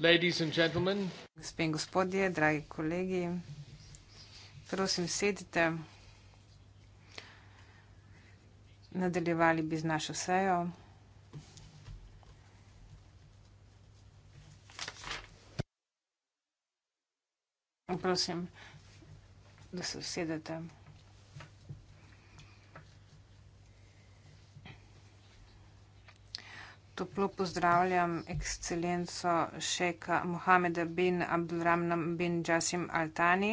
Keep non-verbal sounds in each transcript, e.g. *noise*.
Gospe in gospodje, dragi kolegi, prosim, sedite. Nadaljevali bi z našo sejo. Prosim, da se usedete. toplo pozdravljam ekscelenco šeka Mohameda bin Abdulramnam bin Jasim Altani,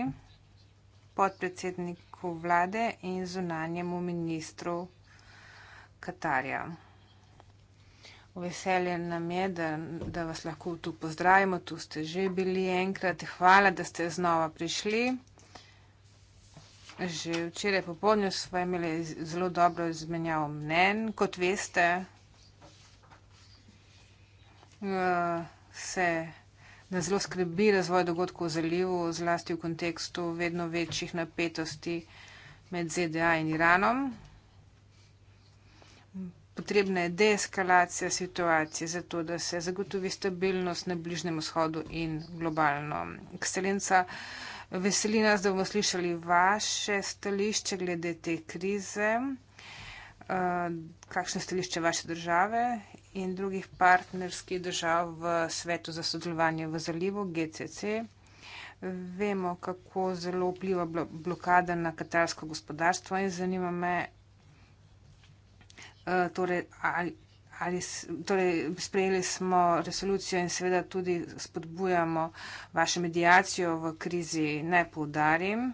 podpredsedniku vlade in zunanjemu ministru Katarja. Veselje nam je, da, da vas lahko tu pozdravimo, tu ste že bili enkrat. Hvala, da ste znova prišli. Že včeraj popolnjo smo imeli zelo dobro izmenjavo mnen, kot veste. Eh, se nas zelo skrbi razvoj dogodkov v zalivu, zlasti v kontekstu vedno večjih napetosti med ZDA in Iranom. Potrebna je deeskalacija situacije, zato da se zagotovi stabilnost na Bližnjem vzhodu in globalno. Ekscelenca, veseli nas, da bomo slišali vaše stališče glede te krize. Eh, kakšno stališče vaše države in drugih partnerskih držav v svetu za sodelovanje v zalivu GCC. Vemo, kako zelo vpliva blokada na katarsko gospodarstvo in zanima me, eh, torej, ali, ali, torej, sprejeli smo resolucijo in seveda tudi spodbujamo vašo medijacijo v krizi, naj poudarim.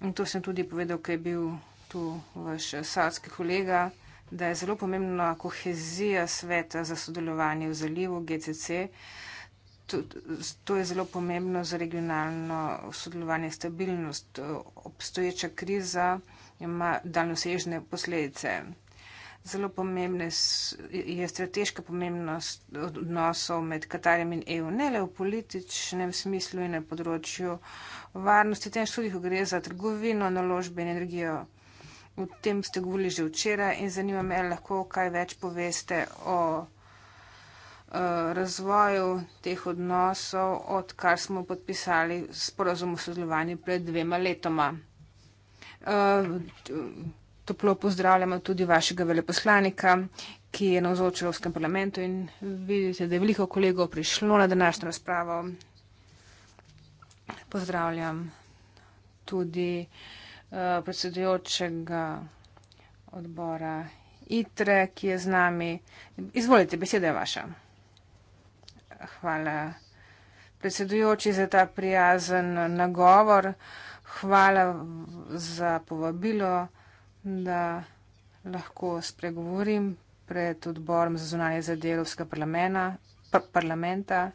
In to sem tudi povedal, ker je bil tu vaš savski kolega da je zelo pomembna kohezija sveta za sodelovanje v zalivu GCC. To je zelo pomembno za regionalno sodelovanje in stabilnost. Obstoječa kriza ima daljnosežne posledice. Zelo pomembna je strateška pomembnost odnosov med Katarjem in EU, ne le v političnem smislu in na področju varnosti, temveč tudi, ko gre za trgovino, naložbe in energijo. O tem ste govorili že včeraj in zanima me, lahko kaj več poveste o eh, razvoju teh odnosov, odkar smo podpisali sporozum o sodelovanju pred dvema letoma. Eh, toplo pozdravljamo tudi vašega veleposlanika, ki je na vzočelovskem parlamentu in vidite, da je veliko kolegov prišlo na današnjo razpravo. Pozdravljam tudi uh, Eh, predsedujočega odbora ITRE, ki je z nami. Izvolite, beseda je vaša. Hvala predsedujoči za ta prijazen nagovor. Hvala za povabilo, da lahko spregovorim pred odborom za zunanje zadevska parlamenta. Pa, parlamenta.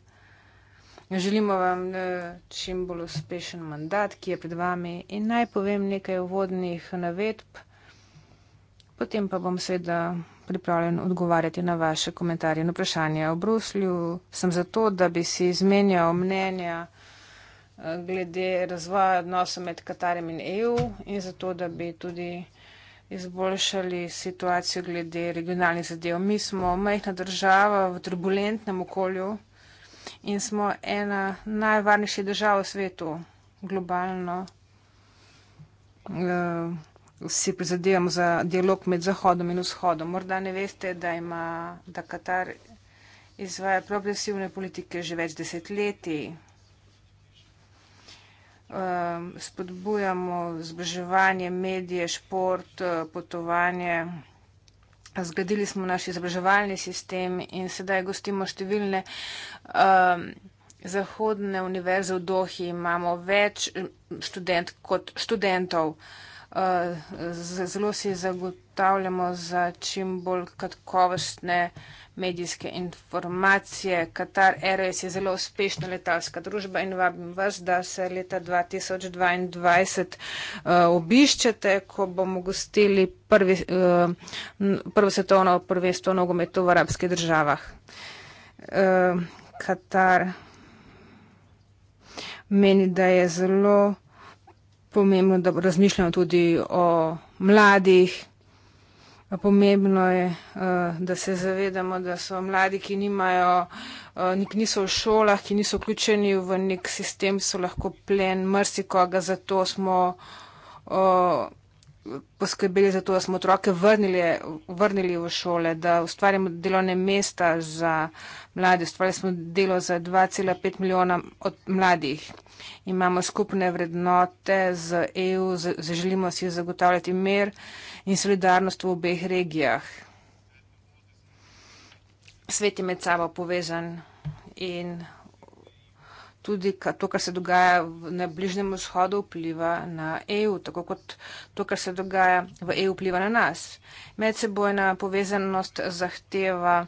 Želimo vam eh, čim bolj uspešen mandat, ki je pred vami in naj povem nekaj uvodnih navedb, potem pa bom seveda pripravljen odgovarjati na vaše komentarje in vprašanje. V Bruslju sem zato, da bi si izmenjal mnenja eh, glede razvoja odnosov med Katarjem in EU in zato, da bi tudi izboljšali situacijo glede regionalnih zadev. Mi smo majhna država v turbulentnem okolju in smo ena najvarnejših držav v svetu, globalno. Vsi eh, prizadevamo za dialog med Zahodom in Vzhodom. Morda ne veste, da ima, da Katar izvaja progresivne politike že več desetletij. Eh, spodbujamo zbrževanje, medije, šport, eh, potovanje zgradili smo naš izobraževalni sistem in sedaj gostimo številne um, zahodne univerze v Dohi, imamo več eh, študent kot študentov. Uh, Eh, zelo si zagotavljamo za čim bolj kakovostne medijske informacije. Katar Airways je zelo uspešna letalska družba in vabim vas, da se leta 2022 uh, eh, obiščete, ko bomo gostili prvi, uh, prvo svetovno prvenstvo nogometu v arabskih državah. Uh, Katar meni, da je zelo pomembno, da razmišljamo tudi o mladih. Pomembno je, eh, da se zavedamo, da so mladi, ki nimajo, eh, niso v šolah, ki niso vključeni v nek sistem, so lahko plen mrsikoga, zato smo eh, poskrbeli za to, da smo otroke vrnili, vrnili v šole, da ustvarjamo delovne mesta za mlade. Ustvarjali smo delo za 2,5 milijona od mladih. Imamo skupne vrednote z EU, želimo si zagotavljati mer in solidarnost v obeh regijah. Svet je med sabo povezan in tudi to, kar se dogaja na Bližnjem vzhodu, vpliva na EU, tako kot to, kar se dogaja v EU, vpliva na nas. Medsebojna povezanost zahteva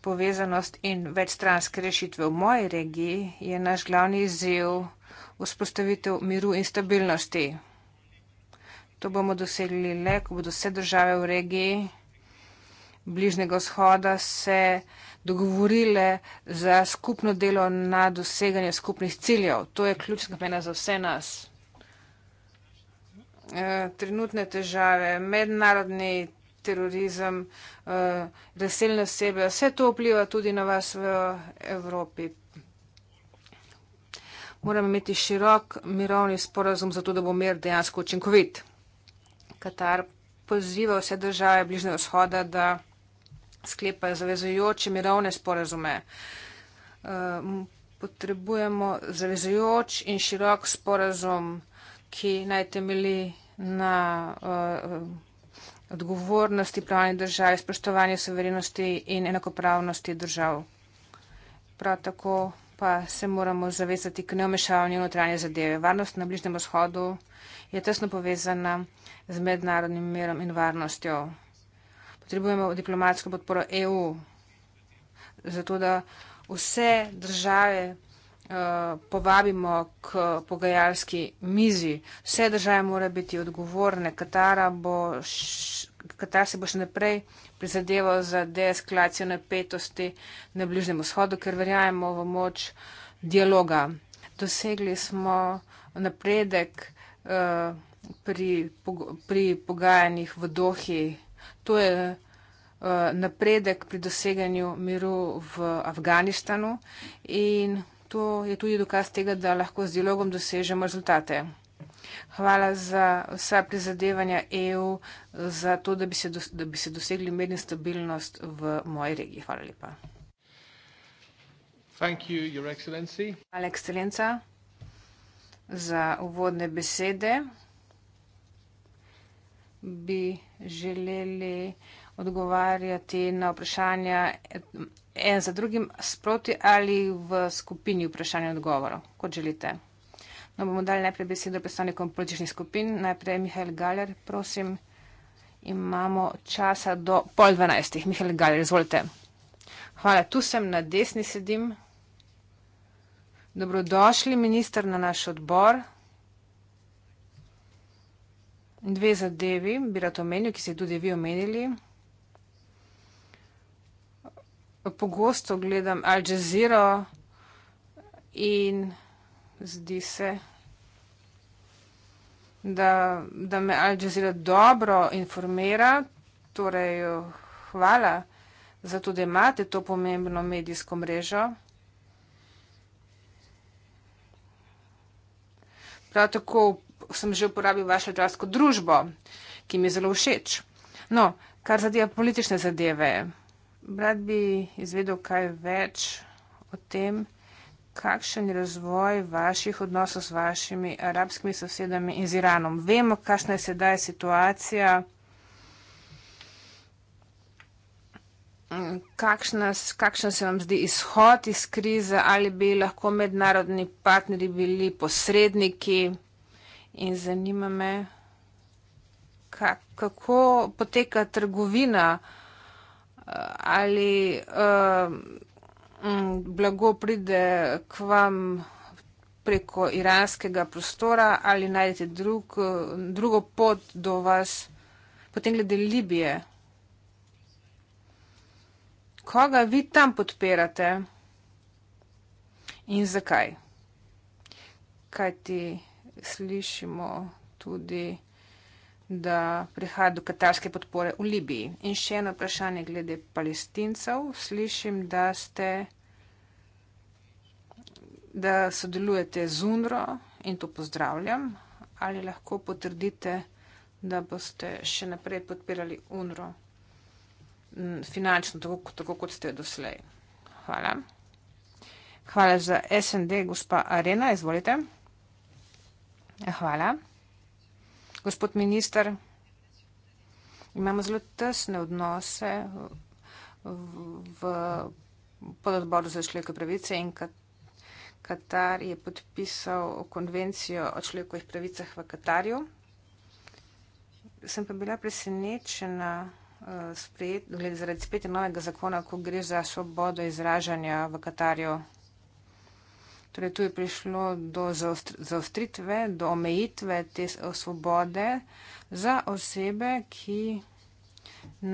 povezanost in večstranske rešitve v moji regiji je naš glavni izziv vzpostavitev miru in stabilnosti. To bomo dosegli le, ko bodo vse države v regiji Bližnjega vzhoda se dogovorile za skupno delo na doseganje skupnih ciljev. To je ključna pomena za vse nas. E, trenutne težave, mednarodni terorizem, e, razseljene osebe, vse to vpliva tudi na vas v Evropi. Moramo imeti širok mirovni sporazum, zato da bo mir dejansko učinkovit. Katar poziva vse države Bližnjega vzhoda, da sklepajo zavezujoče mirovne sporazume. Potrebujemo zavezujoč in širok sporazum, ki naj temeli na eh, odgovornosti pravnih držav, spoštovanju soverenosti in enakopravnosti držav. Prav tako pa se moramo zavezati k neomešavanju notranje zadeve. Varnost na Bližnjem vzhodu je tesno povezana z mednarodnim mirom in varnostjo potrebujemo diplomatsko podporo EU, zato da vse države eh, povabimo k pogajalski mizi. Vse države mora biti odgovorne. Katar se bo še naprej prizadeval za deeskalacijo napetosti na Bližnjem vzhodu, ker verjamemo v moč dialoga. Dosegli smo napredek uh, pri, pri pogajanjih v dohi. To je uh, napredek pri doseganju miru v Afganistanu in to je tudi dokaz tega, da lahko z dialogom dosežemo rezultate. Hvala za vsa prizadevanja EU za to, da bi se, do, da bi se dosegli medni stabilnost v moji regiji. Hvala lepa. You, Hvala, ekscelenca, za uvodne besede bi želeli odgovarjati na vprašanja en za drugim sproti ali v skupini vprašanja odgovorov, kot želite. No, bomo dali najprej besedo predstavnikom političnih skupin. Najprej Mihajl Galer, prosim. Imamo časa do pol dvanajstih. Mihajl Galer, izvolite. Hvala, tu sem, na desni sedim. Dobrodošli, minister, na naš odbor dve zadevi bi rad omenil, ki ste tudi vi omenili. Pogosto gledam Al Jazeera in zdi se, da, da me Al Jazeera dobro informira. Torej, hvala za to, da imate to pomembno medijsko mrežo. Prav tako sem že uporabil vašo časko družbo, ki mi je zelo všeč. No, kar zadeva politične zadeve, rad bi izvedel kaj več o tem, kakšen je razvoj vaših odnosov z vašimi arabskimi sosedami in z Iranom. Vemo, kakšna je sedaj situacija. Kakšna, kakšen se vam zdi izhod iz krize, ali bi lahko mednarodni partnerji bili posredniki? in zanima me, kako poteka trgovina eh, ali eh, blago pride k vam preko iranskega prostora ali najdete drug, drugo pot do vas, potem glede Libije. Koga vi tam podpirate in zakaj? Kaj ti? slišimo tudi, da prihaja do katarske podpore v Libiji. In še eno vprašanje glede palestincev. Slišim, da, ste, da sodelujete z UNRO in to pozdravljam. Ali lahko potrdite, da boste še naprej podpirali UNRO finančno, tako, tako kot ste doslej? Hvala. Hvala za SND, gospa Arena, izvolite. Hvala. Gospod minister, imamo zelo tesne odnose v pododboru za človekove pravice in Katar je podpisal konvencijo o človekovih pravicah v Katarju. Sem pa bila presenečena eh, sprejet, gled, zaradi sprejetja novega zakona, ko gre za svobodo izražanja v Katarju. Torej, tu je prišlo do zaostritve, do omejitve te svobode za osebe, ki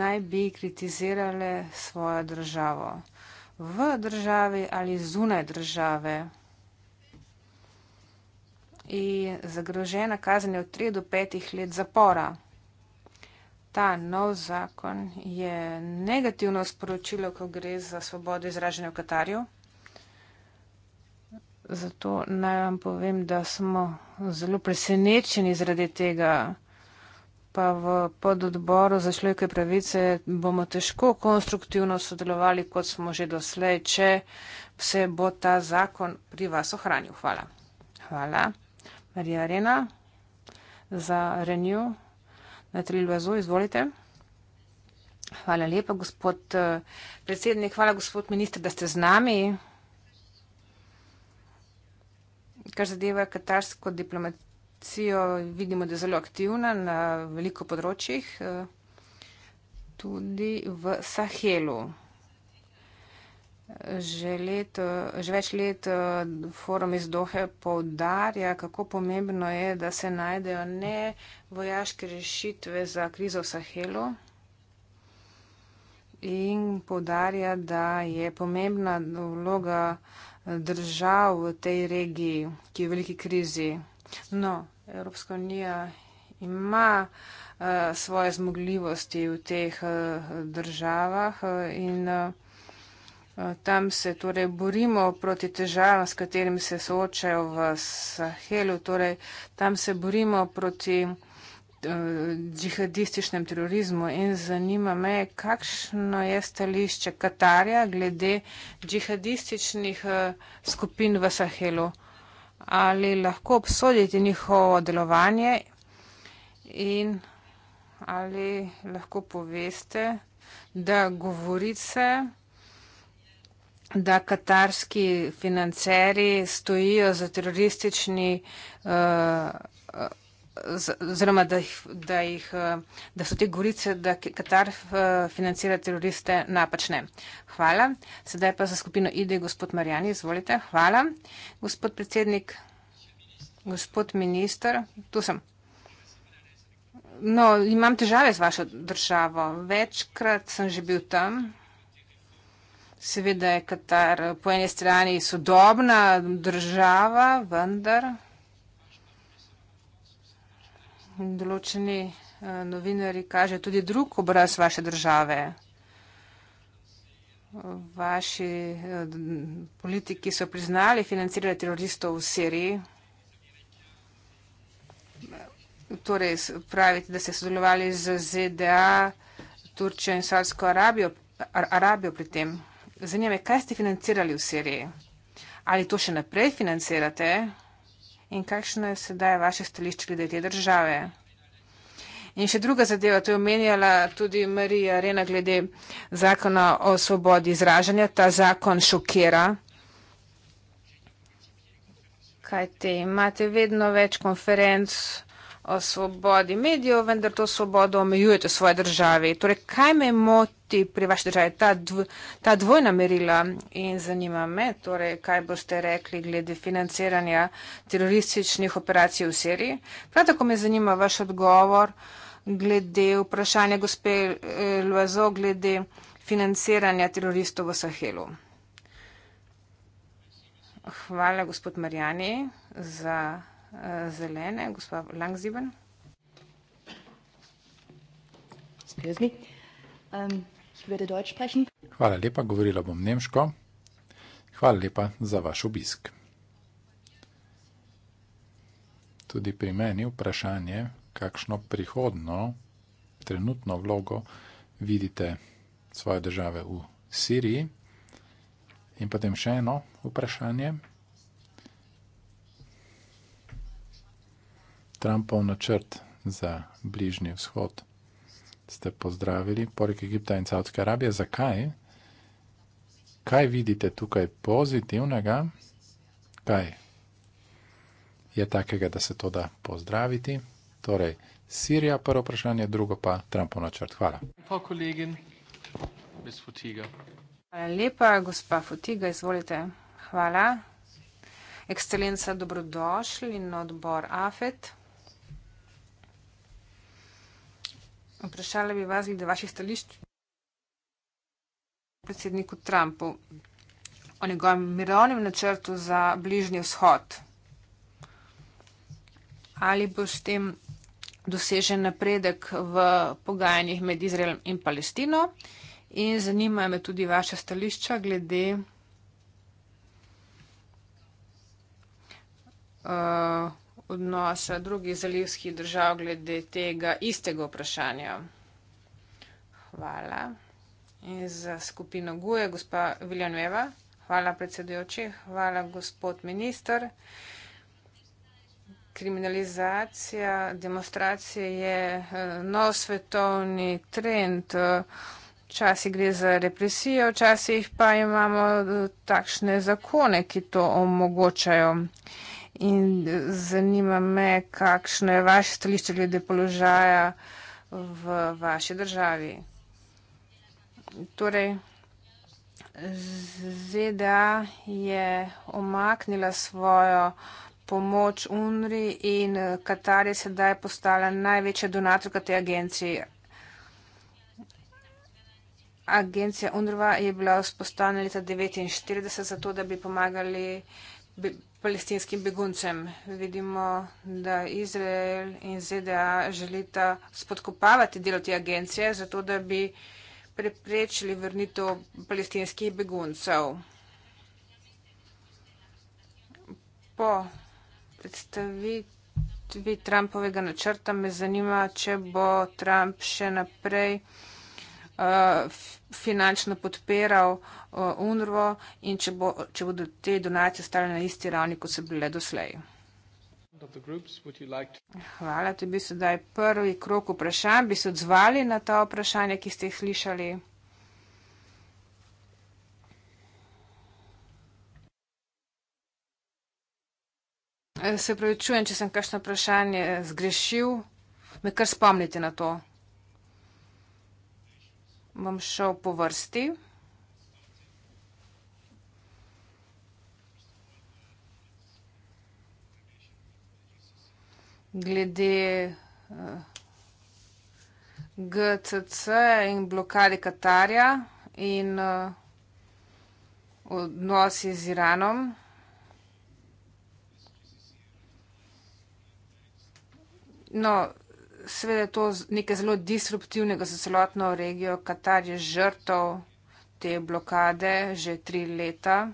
naj bi kritizirale svojo državo v državi ali zunaj države. In zagrožena kazen je od 3 do 5 let zapora. Ta nov zakon je negativno sporočilo, ko gre za svobodo izražanja v Katarju. Zato naj vam povem, da smo zelo presenečeni zaradi tega. Pa v pododboru za človeške pravice bomo težko konstruktivno sodelovali, kot smo že doslej, če se bo ta zakon pri vas ohranil. Hvala. Hvala. Marija Arena za Renew. Natalija Lazo, izvolite. Hvala lepa, gospod eh, predsednik. Hvala, gospod minister, da ste z nami kar zadeva katarsko diplomacijo, vidimo, da je zelo aktivna na veliko področjih, eh, tudi v Sahelu. Že, let, že več let eh, forum iz Dohe povdarja, kako pomembno je, da se najdejo ne vojaške rešitve za krizo v Sahelu. In povdarja, da je pomembna vloga uh, držav v tej regiji, ki je v veliki krizi. No, Evropska unija ima eh, svoje zmogljivosti v teh eh, državah eh, in tam se torej borimo proti težavam, s katerimi se soočajo v Sahelu, torej tam se borimo proti Eh, džihadističnem terorizmu in zanima me, kakšno je stališče Katarja glede džihadističnih eh, skupin v Sahelu. Ali lahko obsoditi njihovo delovanje in ali lahko poveste, da govorice, da katarski financeri stojijo za teroristični uh, oziroma da, da, jih, eh, da so te gorice, da Katar eh, financira teroriste napačne. Hvala. Sedaj pa za skupino IDE, gospod Marjani, izvolite. Hvala. Gospod predsednik, gospod minister, tu sem. No, imam težave z vašo državo. Večkrat sem že bil tam. Seveda je Katar po eni strani sodobna država, vendar določeni eh, novinari kaže tudi drug obraz vaše države. Vaši eh, politiki so priznali financirati teroristov v Siriji. Torej, pravite, da ste sodelovali z ZDA, Turčijo in Saudsko Arabijo, Arabijo pri tem. Zanima me, kaj ste financirali v Siriji? Ali to še naprej financirate? In kakšno je sedaj vaše stališče glede te države? In še druga zadeva, to je omenjala tudi Marija Rena glede zakona o svobodi izražanja. Ta zakon šokira. Kaj te imate vedno več konferenc o svobodi medijev, vendar to svobodo omejujete v svoji državi. Torej, kaj me moti pri vaši državi ta, dv, ta dvojna merila in zanima me, torej, kaj boste rekli glede financiranja terorističnih operacij v Siriji. Prav tako me zanima vaš odgovor glede vprašanja gospe eh, Luazo glede financiranja teroristov v Sahelu. Hvala, gospod Marjani, za zelene, gospa Langziben. Um, Hvala lepa, govorila bom nemško. Hvala lepa za vaš obisk. Tudi pri meni vprašanje, kakšno prihodno, trenutno vlogo vidite svoje države v Siriji. In potem še eno vprašanje. Trumpov načrt za bližnji vzhod. Ste pozdravili poleg Egipta in Saudske Arabije. Zakaj? Kaj vidite tukaj pozitivnega? Kaj je takega, da se to da pozdraviti? Torej, Sirija, prvo vprašanje, drugo pa Trumpov načrt. Hvala. Hvala lepa, gospa Futiga, izvolite. Hvala. Ekscelenca, dobrodošli in odbor AFET. Vprašala bi vas glede vaših stališč predsedniku Trumpu o njegovem mirovnem načrtu za bližnji vzhod. Ali bo s tem dosežen napredek v pogajanjih med Izraelom in Palestino? In zanimajo me tudi vaše stališča glede uh, odnosa drugih zalivskih držav glede tega istega vprašanja? Hvala. In za skupino Guje, gospa Viljanueva. Hvala, predsedujoči. Hvala, gospod minister. Kriminalizacija demonstracije je eh, nov svetovni trend. Včasih gre za represijo, včasih pa imamo eh, takšne zakone, ki to omogočajo. In zanima me, kakšno je vaše stališče glede položaja v vaši državi. Torej, ZDA je omaknila svojo pomoč UNRI in Katar je sedaj postala največja donatorka te agenciji. Agencija UNRVA je bila vzpostavljena leta 1949, zato da bi pomagali palestinskim beguncem. Vidimo, da Izrael in ZDA želita spodkopavati delo te agencije, zato da bi preprečili vrnitev palestinskih beguncev. Po predstavitvi Trumpovega načrta me zanima, če bo Trump še naprej. Eh, finančno podpiral eh, UNRVO in če, bo, če bodo te donacije stale na isti ravni, kot so bile doslej. Hvala, to je bil sedaj prvi krok vprašanj. Bi se odzvali na ta vprašanja, ki ste jih slišali? Eh, se pravi, čujem, če sem kakšno vprašanje zgrešil, me kar spomnite na to bom šel po vrsti. Glede uh, eh, GCC in blokade Katarja in uh, odnosi z Iranom. No, seveda je to nekaj zelo disruptivnega za celotno regijo. Katar je žrtov te blokade že tri leta.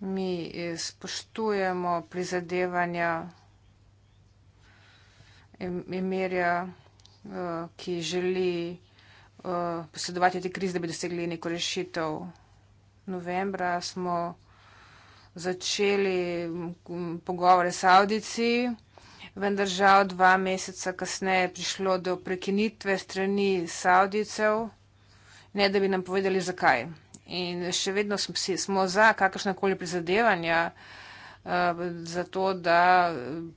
Mi eh, spoštujemo prizadevanja emirja, eh, ki želi eh, posredovati te krize, da bi dosegli neko rešitev. Novembra smo začeli pogovore s Saudicijo vendar žal dva meseca kasneje je prišlo do prekinitve strani Saudijcev, ne da bi nam povedali zakaj. In še vedno smo za kakršnakoli prizadevanja, eh, za to, da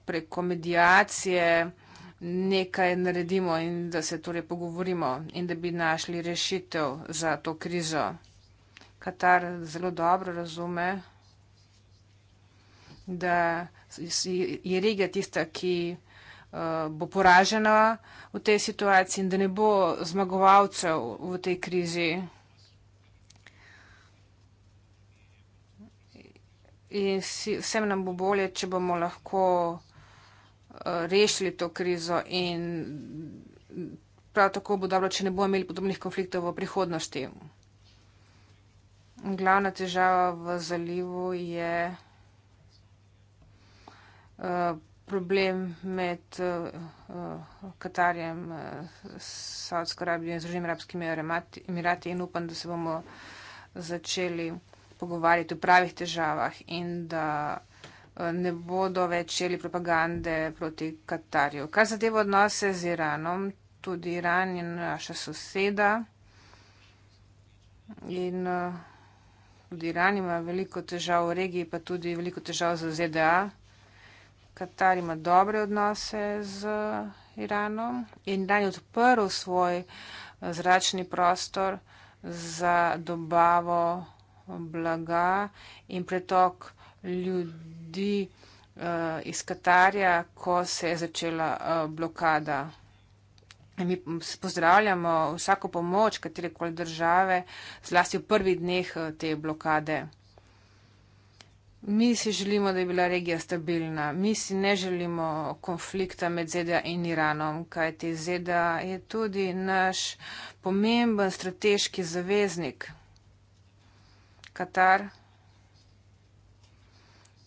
preko medijacije nekaj naredimo in da se torej pogovorimo in da bi našli rešitev za to krizo. Katar zelo dobro razume, da je regija tista, ki eh, bo poražena v tej situaciji in da ne bo zmagovalcev v tej krizi. In vsem nam bo bolje, če bomo lahko eh, rešili to krizo in prav tako bo dobro, če ne bomo imeli podobnih konfliktov v prihodnosti. Glavna težava v zalivu je. Eh, problem med uh, Katarjem, uh, Saudsko Arabijo in Združenimi arabskimi emirati in upam, da se bomo začeli pogovarjati o pravih težavah in da ne bodo več šeli propagande proti Katarju. Kar zadeva odnose z Iranom, tudi Iran je naša soseda in tudi Iran ima veliko težav v regiji, pa tudi veliko težav z ZDA. Katar ima dobre odnose z eh, Iranom in Iran je odprl svoj eh, zračni prostor za dobavo eh, blaga in pretok ljudi uh, iz Katarja, ko se je začela uh, blokada. Mi pozdravljamo vsako pomoč katerekoli države, zlasti v prvih dneh te blokade. Mi si želimo, da bi bila regija stabilna. Mi si ne želimo konflikta med ZDA in Iranom, kajti ZDA je tudi naš pomemben strateški zaveznik. Katar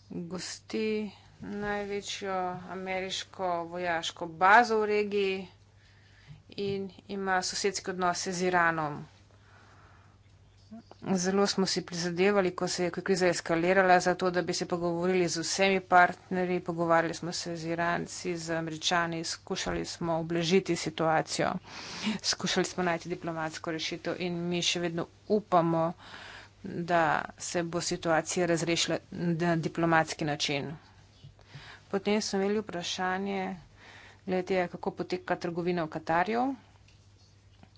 gosti največjo ameriško vojaško bazo v regiji in ima sosedske odnose z Iranom. Zelo smo si prizadevali, ko se je kriza eskalirala, zato da bi se pogovorili z vsemi partnerji, pogovarjali smo se z Iranci, z Američani, skušali smo obležiti situacijo, skušali smo najti diplomatsko rešitev in mi še vedno upamo, da se bo situacija razrešila na diplomatski način. Potem smo imeli vprašanje, glede, kako poteka trgovina v Katarju.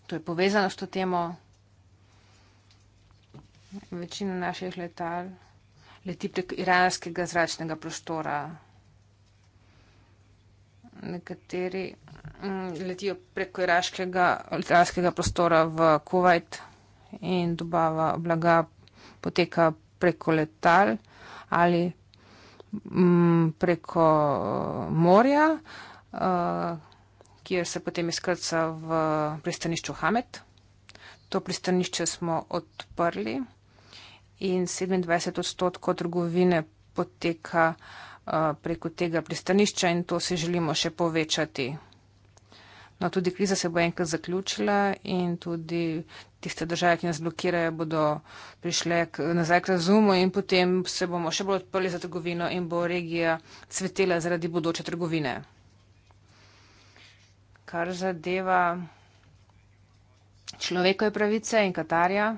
To je povezano s to temo. Večina naših letal leti prek iranskega zračnega prostora. Nekateri m, mm, letijo preko iraškega letalskega prostora v Kuwait in dobava blaga poteka preko letal ali m, mm, preko morja, a, eh, kjer se potem izkrca v pristanišču Hamet. To pristanišče smo odprli in 27 odstotkov trgovine poteka eh, preko tega pristanišča in to si želimo še povečati. No, tudi kriza se bo enkrat zaključila in tudi tiste države, ki nas blokirajo, bodo prišle k, nazaj k razumu in potem se bomo še bolj odprli za trgovino in bo regija cvetela zaradi bodoče trgovine. Kar zadeva človekove pravice in Katarja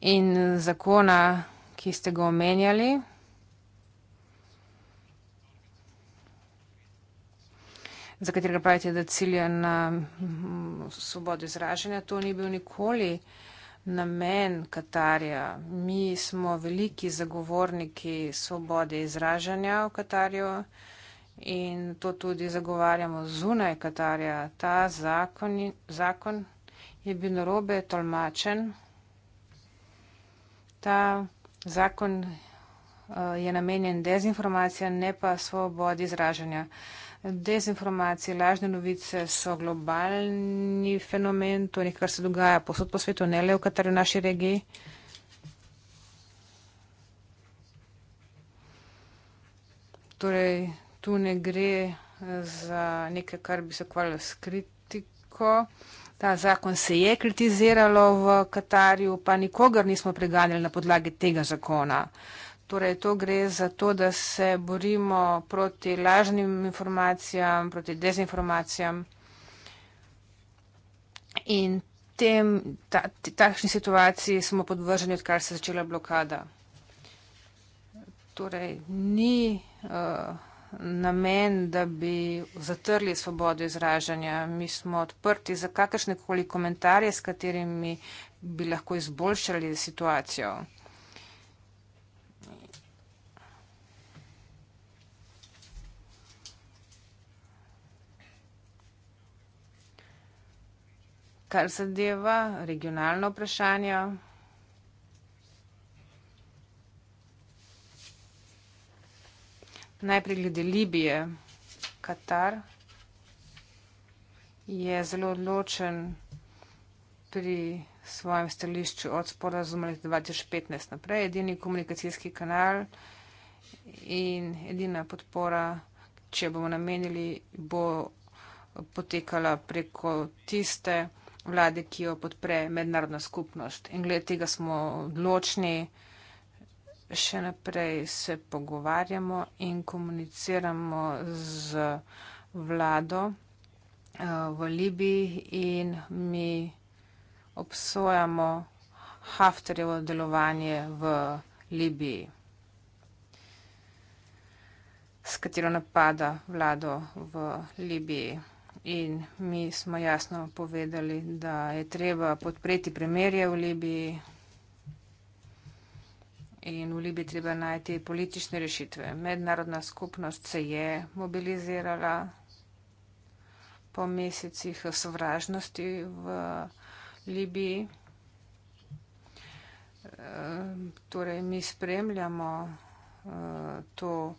in zakona, ki ste ga omenjali. za katerega pravite, da cilja na svobodo izražanja. To ni bil nikoli namen Katarja. Mi smo veliki zagovorniki svobode izražanja v Katarju in to tudi zagovarjamo zunaj Katarja. Ta zakon, zakon je bil narobe tolmačen ta zakon eh, je namenjen dezinformacijam, ne pa svobodi izražanja. Dezinformacije, lažne novice so globalni fenomen, to je nekaj, kar se dogaja posod po svetu, ne le v kateri v naši regiji. Torej, tu ne gre eh, za nekaj, kar bi se kvalilo skrit, nekako. Ta zakon se je kritiziralo v Katarju, pa nikogar nismo preganjali na podlagi tega zakona. Torej, to gre za to, da se borimo proti lažnim informacijam, proti dezinformacijam. In tem, ta, takšni situaciji smo podvrženi, odkar se je začela blokada. Torej, ni. Uh, namen, da bi zatrli svobodo izražanja. Mi smo odprti za kakršne koli komentarje, s katerimi bi lahko izboljšali situacijo. Kar zadeva regionalno vprašanje. Najprej glede Libije. Katar je zelo odločen pri svojem stališču od sporazuma leta 2015 naprej. Edini komunikacijski kanal in edina podpora, če bomo namenili, bo potekala preko tiste vlade, ki jo podpre mednarodna skupnost. In glede tega smo odločni še naprej se pogovarjamo in komuniciramo z vlado eh, v Libiji in mi obsojamo Haftarjevo delovanje v Libiji, s katero napada vlado v Libiji. In mi smo jasno povedali, da je treba podpreti premirje v Libiji in v Libiji treba najti politične rešitve. Mednarodna skupnost se je mobilizirala po mesecih sovražnosti v Libiji. Eh, torej, mi spremljamo eh, to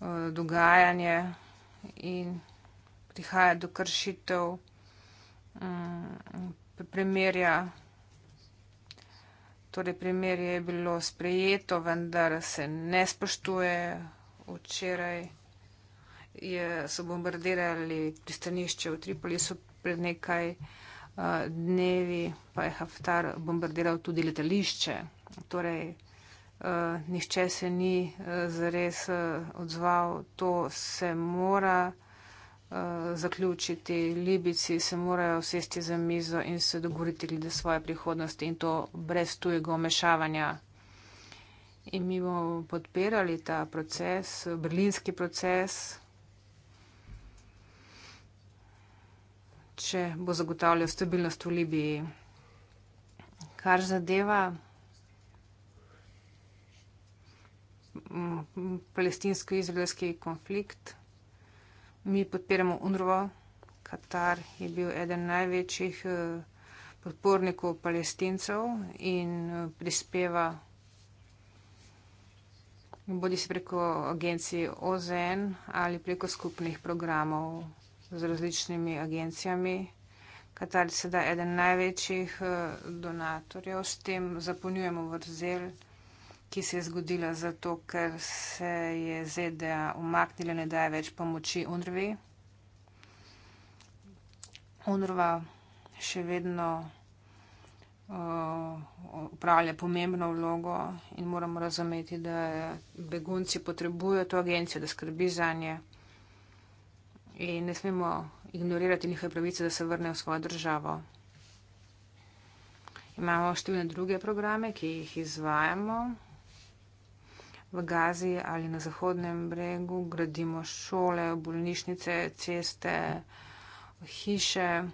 eh, dogajanje in prihaja do kršitev mm, premirja. Torej, primer je bilo sprejeto, vendar se ne spoštuje. Včeraj je, so bombardirali pristanišče v Tripolisu pred nekaj uh, dnevi, pa je Haftar bombardiral tudi letališče. Torej, uh, nihče se ni uh, zares uh, odzval, to se mora. Eh, zaključiti. Libici se morajo sesti za mizo in se dogovoriti glede svoje prihodnosti in to brez tujega omešavanja. In mi bomo podpirali ta proces, berlinski proces. Če bo zagotavljal stabilnost v Libiji, kar zadeva mm, palestinsko-izraelski konflikt mi podpiramo UNRWA. Katar je bil eden največjih eh, podpornikov palestincev in eh, prispeva bodi se preko agencije OZN ali preko skupnih programov z različnimi agencijami. Katar je sedaj eden največjih eh, donatorjev, s tem zapolnjujemo vrzel ki se je zgodila zato, ker se je ZDA umaknila, ne daje več pomoči UNRVI. UNRVA še vedno uh, upravlja pomembno vlogo in moramo razumeti, da begunci potrebujo to agencijo, da skrbi za nje in ne smemo ignorirati njihove pravice, da se vrnejo v svojo državo. Imamo številne druge programe, ki jih izvajamo v Gazi ali na Zahodnem bregu, gradimo šole, bolnišnice, ceste, hiše,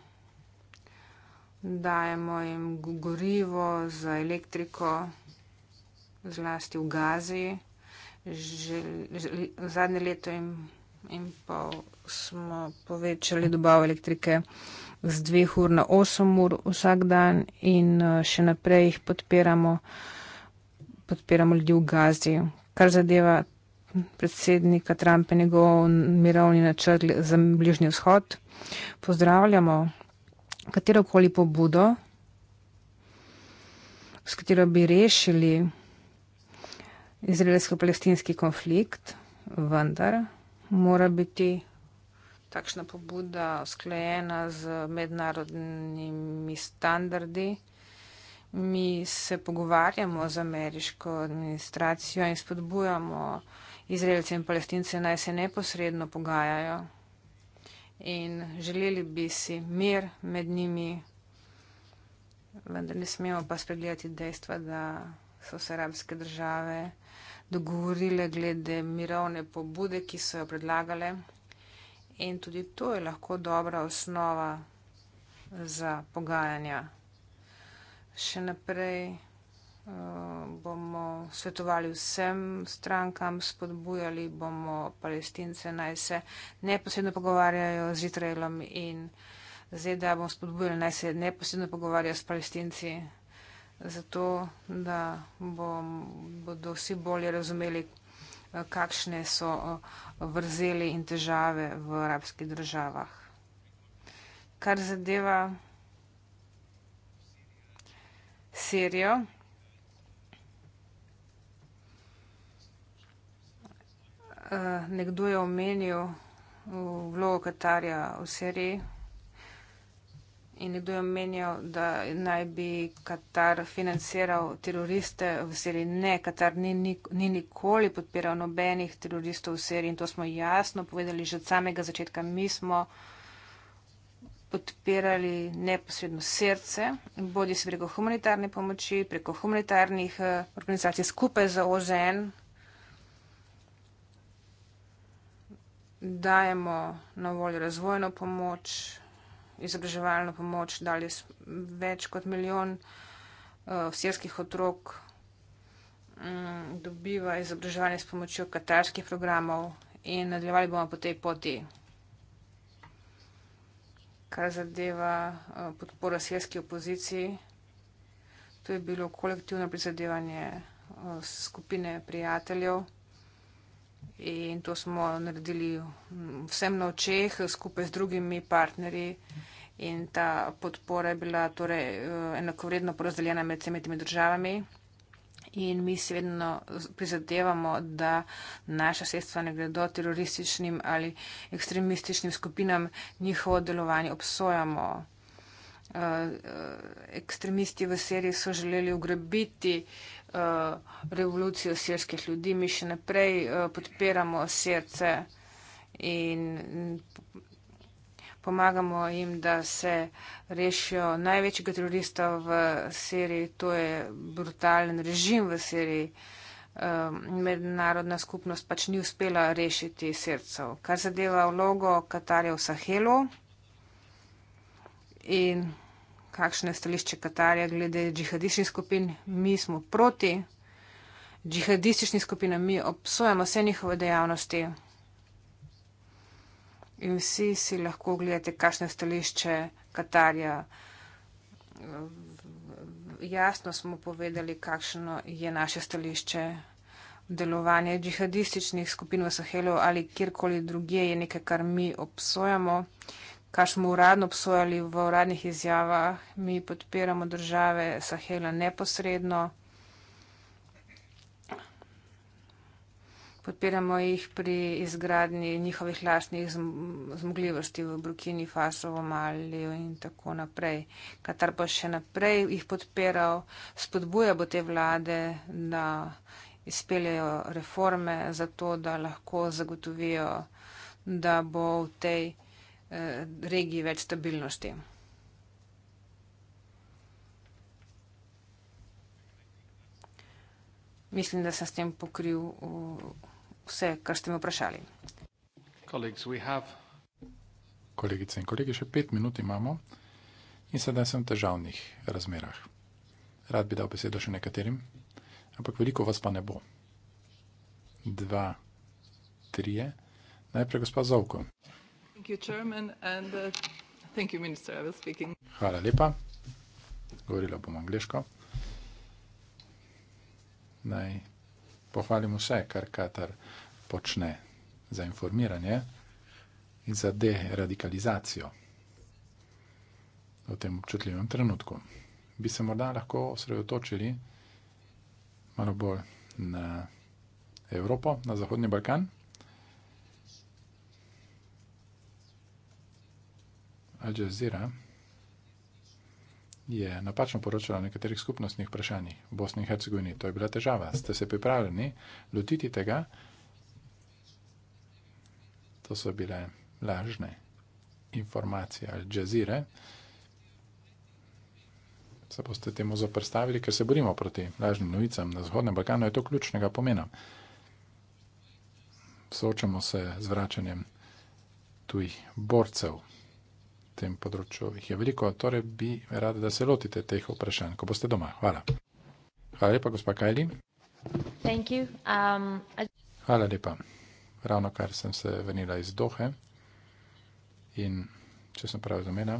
dajemo jim gorivo za elektriko, zlasti v Gazi. Že, že, zadnje leto jim. In pa smo povečali dobavo elektrike z 2 ur na 8 ur vsak dan in še naprej jih podpiramo, podpiramo ljudi v Gazi, kar zadeva predsednika Trumpa in njegov mirovni načrt za bližnji vzhod. Pozdravljamo katerokoli pobudo, s katero bi rešili izraelsko-palestinski konflikt, vendar mora biti takšna pobuda usklajena z mednarodnimi standardi mi se pogovarjamo z ameriško administracijo in spodbujamo Izraelce in Palestince naj se neposredno pogajajo in želeli bi si mir med njimi, vendar ne smemo pa spregledati dejstva, da so se arabske države dogovorile glede mirovne pobude, ki so jo predlagale in tudi to je lahko dobra osnova za pogajanja še naprej eh, bomo svetovali vsem strankam, spodbujali bomo palestince naj se neposredno pogovarjajo z Izraelom in ZDA bomo spodbujali naj se neposredno pogovarjajo s palestinci, zato da bom, bodo vsi bolje razumeli, eh, kakšne so eh, vrzeli in težave v arabskih državah. Kar zadeva Sirijo. Eh, nekdo je omenil eh, vlogo Katarja v Siriji in nekdo je omenil, da naj bi Katar financiral teroriste v Siriji. Ne, Katar ni, ni nikoli podpiral nobenih teroristov v Siriji in to smo jasno povedali že od samega začetka. Mi smo podpirali neposredno srce, bodi se preko humanitarne pomoči, preko humanitarnih eh, organizacij skupaj za OZN. Dajemo na voljo razvojno pomoč, izobraževalno pomoč, dali smo več kot milijon uh, sirskih otrok, um, dobiva izobraževanje s pomočjo katarskih programov in nadaljevali bomo po tej poti kar zadeva eh, podporo sirski opoziciji. To je bilo kolektivno prizadevanje eh, skupine prijateljev in to smo naredili vsem na očeh skupaj z drugimi partnerji in ta podpora je bila torej eh, enakovredno porazdeljena med vsemi temi državami. In mi se vedno prizadevamo, da naša sredstva ne gredo terorističnim ali ekstremističnim skupinam, njihovo delovanje obsojamo. Eh, eh, ekstremisti v Siriji so želeli ugrabiti eh, revolucijo sirskih ljudi, mi še naprej podpiramo srce in pomagamo jim, da se rešijo največjega terorista v Siriji, to je brutalen režim v Siriji. Um, mednarodna skupnost pač ni uspela rešiti srcev. Kar zadeva vlogo Katarja v Sahelu in kakšne stališče Katarja glede džihadističnih skupin, mi smo proti džihadističnim skupinam, mi obsojamo vse njihove dejavnosti in vsi si lahko gledate, kakšno je stališče Katarja. Jasno smo povedali, kakšno je naše stališče. Delovanje džihadističnih skupin v Sahelu ali kjerkoli druge je nekaj, kar mi obsojamo, kar smo uradno obsojali v uradnih izjavah. Mi podpiramo države Sahela neposredno. podpiramo jih pri izgradnji njihovih lastnih zmogljivosti v Brukini, Fasovo, Maliju in tako naprej. Katar bo še naprej jih podpiral, spodbuja bo te vlade, da izpeljajo reforme za to, da lahko zagotovijo, da bo v tej eh, regiji več stabilnosti. Mislim, da sem s tem pokril. Uh vse, kar ste me vprašali. Kolegice in kolegi, še pet minut imamo in sedaj sem v težavnih razmerah. Rad bi dal besedo še nekaterim, ampak veliko vas pa ne bo. Dva, trije. Najprej gospa Zovko. Uh, Hvala lepa. Govorila bom angliško. Naj pohvalim vse, kar Katar počne za informiranje in za deradikalizacijo v tem občutljivem trenutku. Bi se morda lahko osredotočili malo bolj na Evropo, na Zahodni Balkan. Al Jazeera je napačno poročalo o nekaterih skupnostnih vprašanjih v Bosni in Hercegovini. To je bila težava. Ste se pripravljeni lotiti tega? To so bile lažne informacije ali džazire. Se boste temu zaprstavili, ker se borimo proti lažnim novicam na Zahodnem Balkanu. Je to ključnega pomena. Soočamo se z vračanjem tujih borcev tem področju. Jih je veliko, torej bi rada, da se lotite teh vprašanj, ko boste doma. Hvala. Hvala lepa, gospa Kajli. Um, I... Hvala lepa. Ravno kar sem se vrnila iz Dohe in če sem prav razumela,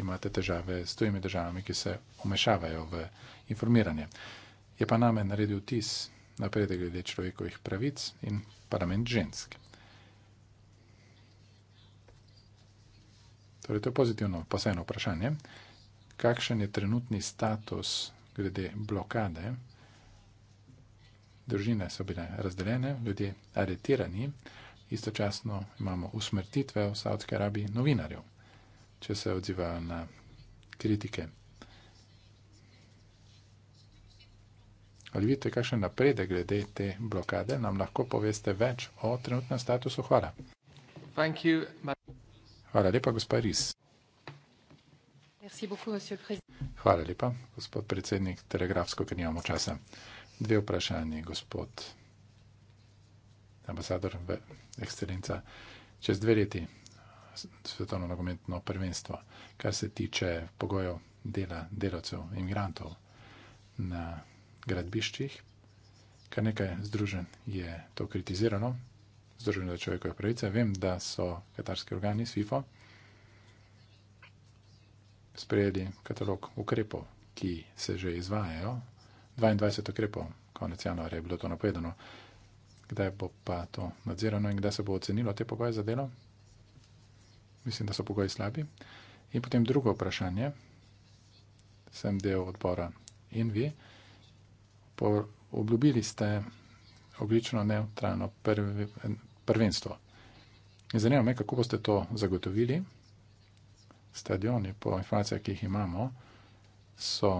imate težave s tujimi državami, ki se umešavajo v informiranje. Je pa name naredil tis napredek glede človekovih pravic in parlament ženske. Torej, to je pozitivno, pa vseeno vprašanje. Kakšen je trenutni status glede blokade? Družine so bile razdeljene, ljudje aretirani, istočasno imamo usmrtitve v Saudski Arabiji novinarjev, če se odzivajo na kritike. Ali vidite, kakšen napredek glede te blokade, nam lahko poveste več o trenutnem statusu? Hvala. Hvala lepa, gospod Riz. Hvala lepa, gospod predsednik, telegrafsko, ker nimamo časa. Dve vprašanje, gospod ambasador, ekscelenca. Čez dve leti svetovno nogometno prvenstvo, kar se tiče pogojev dela delavcev, imigrantov na gradbiščih, kar nekaj združen je to kritiziralo. Združenja za človekove pravice. Ja vem, da so katarski organi s FIFO sprejeli katalog ukrepov, ki se že izvajajo. 22 ukrepov, konec januarja je bilo to napovedano. Kdaj bo pa to nadzirano in kdaj se bo ocenilo te pogoje za delo? Mislim, da so pogoji slabi. In potem drugo vprašanje. Sem del odbora in vi. Obljubili ste oglično neutralno prvenstvo. In zanima me, kako boste to zagotovili. Stadioni, po informacijah, ki jih imamo, so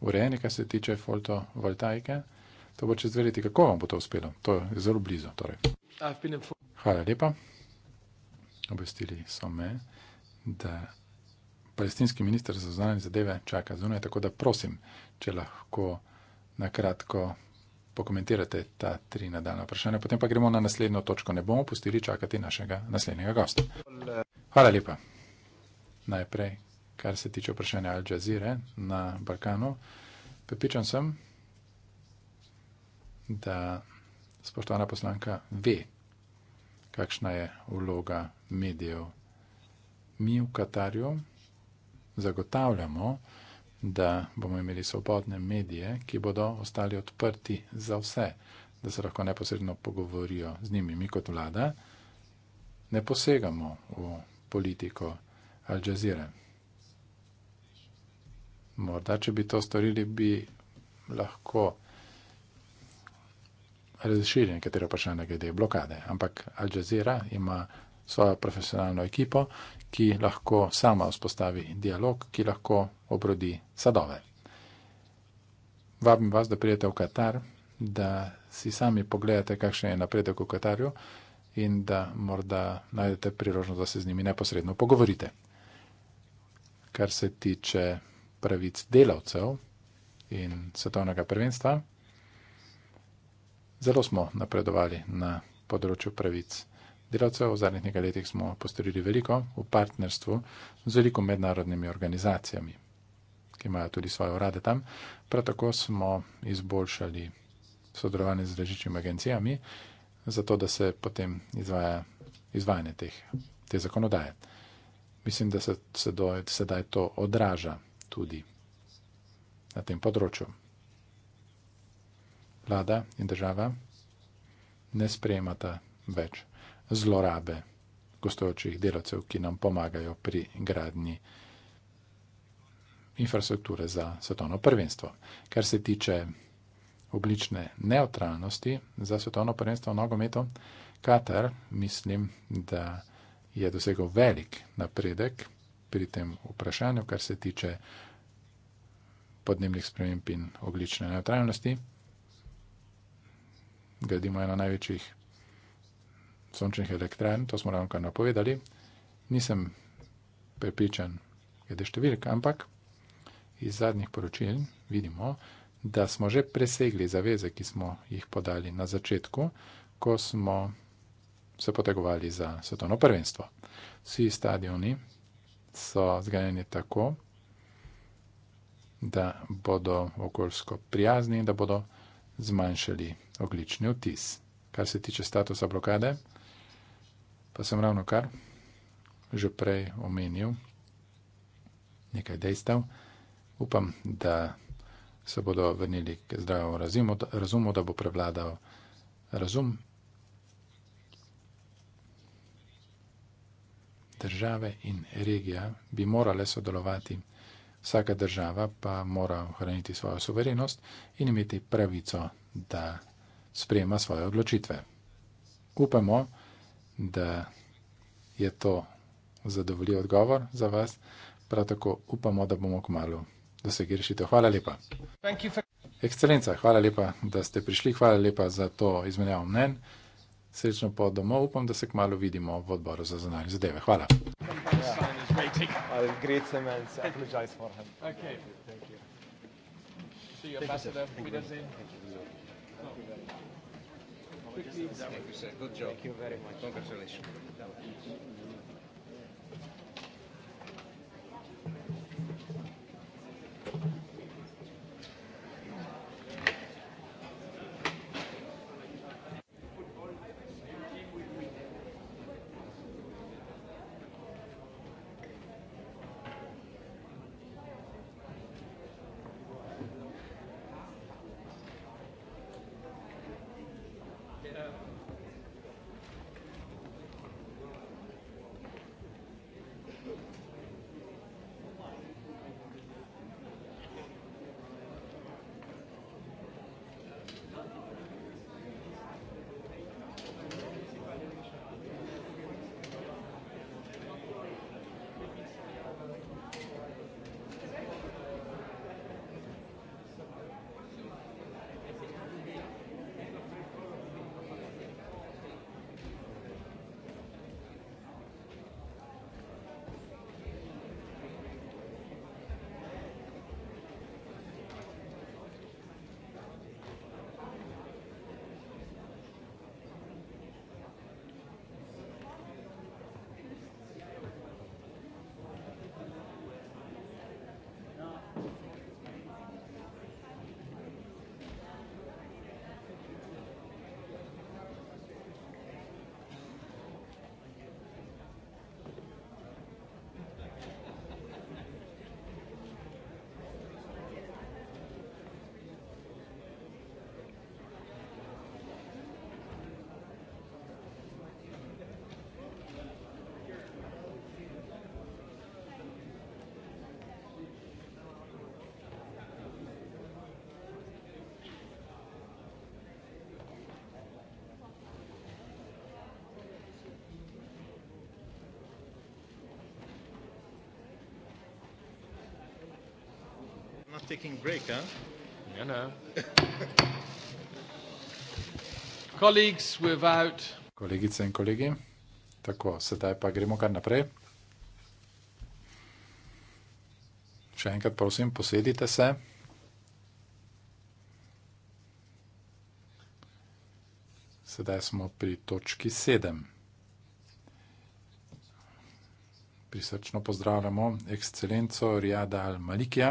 urejeni, kar se tiče fotovoltaike. To bo čez verjeti, kako vam bo to uspelo. To je zelo blizu. Torej. Hvala lepa. Obvestili so me, da palestinski minister za zunanje zadeve čaka zunaj, tako da prosim, če lahko na kratko pokomentirate ta tri nadaljna vprašanja. Potem pa gremo na naslednjo točko. Ne bomo pustili čakati našega naslednjega gosta. Hvala lepa. Najprej, kar se tiče vprašanja Al Jazeera na Balkanu. Pepičan sem, da spoštovana poslanka ve, kakšna je vloga medijev. Mi v Katarju zagotavljamo, da bomo imeli svobodne medije, ki bodo ostali odprti za vse, da se lahko neposredno pogovorijo z njimi. Mi kot vlada ne posegamo v politiko Al Jazeera. Morda, če bi to storili, bi lahko razrešili nekatere vprašanja glede blokade, ampak Al Jazeera ima svojo profesionalno ekipo, ki lahko sama vzpostavi dialog, ki lahko obrodi sadove. Vabim vas, da prijete v Katar, da si sami pogledate, kakšen je napredek v Katarju in da morda najdete priložnost, da se z njimi neposredno pogovorite. Kar se tiče pravic delavcev in svetovnega prvenstva, zelo smo napredovali na področju pravic delavcev delavcev. V zadnjih nekaj letih smo postorili veliko v partnerstvu z veliko mednarodnimi organizacijami, ki imajo tudi svoje urade tam. Prav tako smo izboljšali sodelovanje z različnimi agencijami, zato da se potem izvaja izvajanje teh, te zakonodaje. Mislim, da se sedaj, sedaj to odraža tudi na tem področju. Vlada in država ne sprejemata več zlorabe gostujočih delavcev, ki nam pomagajo pri gradni infrastrukture za svetovno prvenstvo. Kar se tiče oblične neutralnosti za svetovno prvenstvo v nogometu, Katar, mislim, da je dosegel velik napredek pri tem vprašanju, kar se tiče podnebnih sprememb in oglične neutralnosti. Gradimo eno največjih sončnih elektrarn, to smo ravno kar napovedali, nisem prepričan glede številk, ampak iz zadnjih poročil vidimo, da smo že presegli zaveze, ki smo jih podali na začetku, ko smo se potegovali za svetovno prvenstvo. Vsi stadioni so zgrajeni tako, da bodo okoljsko prijazni, da bodo zmanjšali oglični vtis. Kar se tiče statusa blokade, Pa sem ravno kar že prej omenil nekaj dejstev. Upam, da se bodo vrnili k zdravemu razumu, razumu da bo prevladal razum. Države in regija bi morale sodelovati, vsaka država pa mora ohraniti svojo soverenost in imeti pravico, da sprejema svoje odločitve. Upamo, da da je to zadovoljiv odgovor za vas. Prav tako upamo, da bomo kmalo dosegli rešitev. Hvala lepa. Ekscelenca, hvala lepa, da ste prišli, hvala lepa za to izmenjavo mnen. Srečno pa domov, upam, da se kmalo vidimo v odboru za zunanje zadeve. Hvala. Yeah quickly. Thank you, sir. Good job. Thank you very much. Congratulations. taking a break, huh? Yeah, no. *laughs* Colleagues without... Kolegice in kolegi, tako, sedaj pa gremo kar naprej. Še enkrat prosim, posedite se. Sedaj smo pri točki sedem. Prisrčno pozdravljamo ekscelenco Riada Al-Malikija,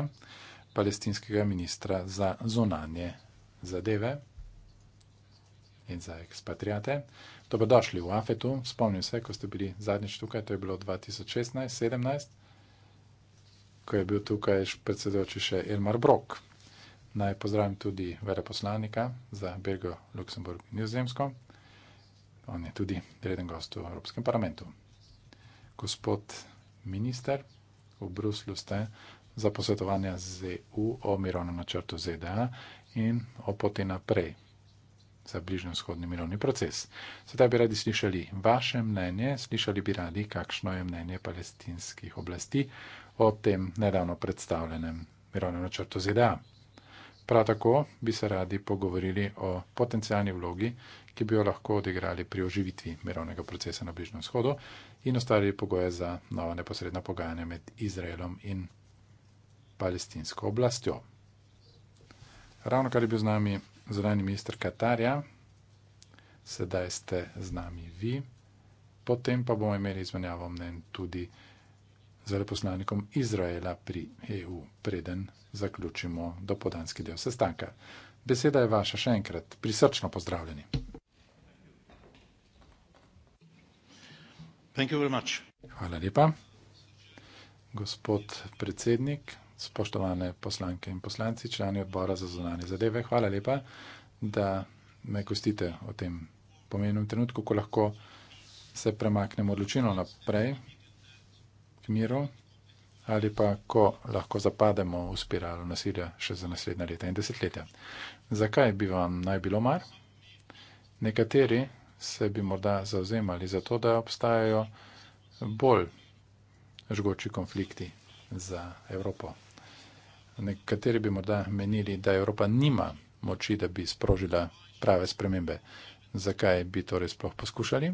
palestinskega ministra za zunanje zadeve in za ekspatriate. Dobrodošli v Afetu. Spomnim se, ko ste bili zadnjič tukaj, to je bilo 2016-2017, ko je bil tukaj predsedujoči še Elmar Brok. Naj pozdravim tudi veleposlanika za Belgijo, Luksemburg in Nizozemsko. On je tudi reden gost v Evropskem parlamentu. Gospod minister, v Bruslu ste za posvetovanja z EU o mirovnem načrtu ZDA in o poti naprej za bližnjo-vzhodni mirovni proces. Sedaj bi radi slišali vaše mnenje, slišali bi radi, kakšno je mnenje palestinskih oblasti o tem nedavno predstavljenem mirovnem načrtu ZDA. Prav tako bi se radi pogovorili o potencijalni vlogi, ki bi jo lahko odigrali pri oživitvi mirovnega procesa na Bližnjem vzhodu in ostali pogoje za nova neposredna pogajanja med Izraelom in palestinsko oblastjo. Ravno kar je bil z nami zunani minister Katarja, sedaj ste z nami vi, potem pa bomo imeli izmenjavo mnen tudi z veleposlanikom Izraela pri EU, preden zaključimo dopodanski del sestanka. Beseda je vaša še enkrat. Prisrčno pozdravljeni. Hvala lepa. Gospod predsednik, spoštovane poslanke in poslanci, člani odbora za zunanje zadeve, hvala lepa, da me gostite o tem pomenem trenutku, ko lahko se premaknemo odločino naprej k miru ali pa ko lahko zapademo v spiralo nasilja še za naslednja leta in desetletja. Zakaj bi vam naj bilo mar? Nekateri se bi morda zauzemali za to, da obstajajo bolj žgoči konflikti za Evropo. Nekateri bi morda menili, da Evropa nima moči, da bi sprožila prave spremembe. Zakaj bi torej sploh poskušali?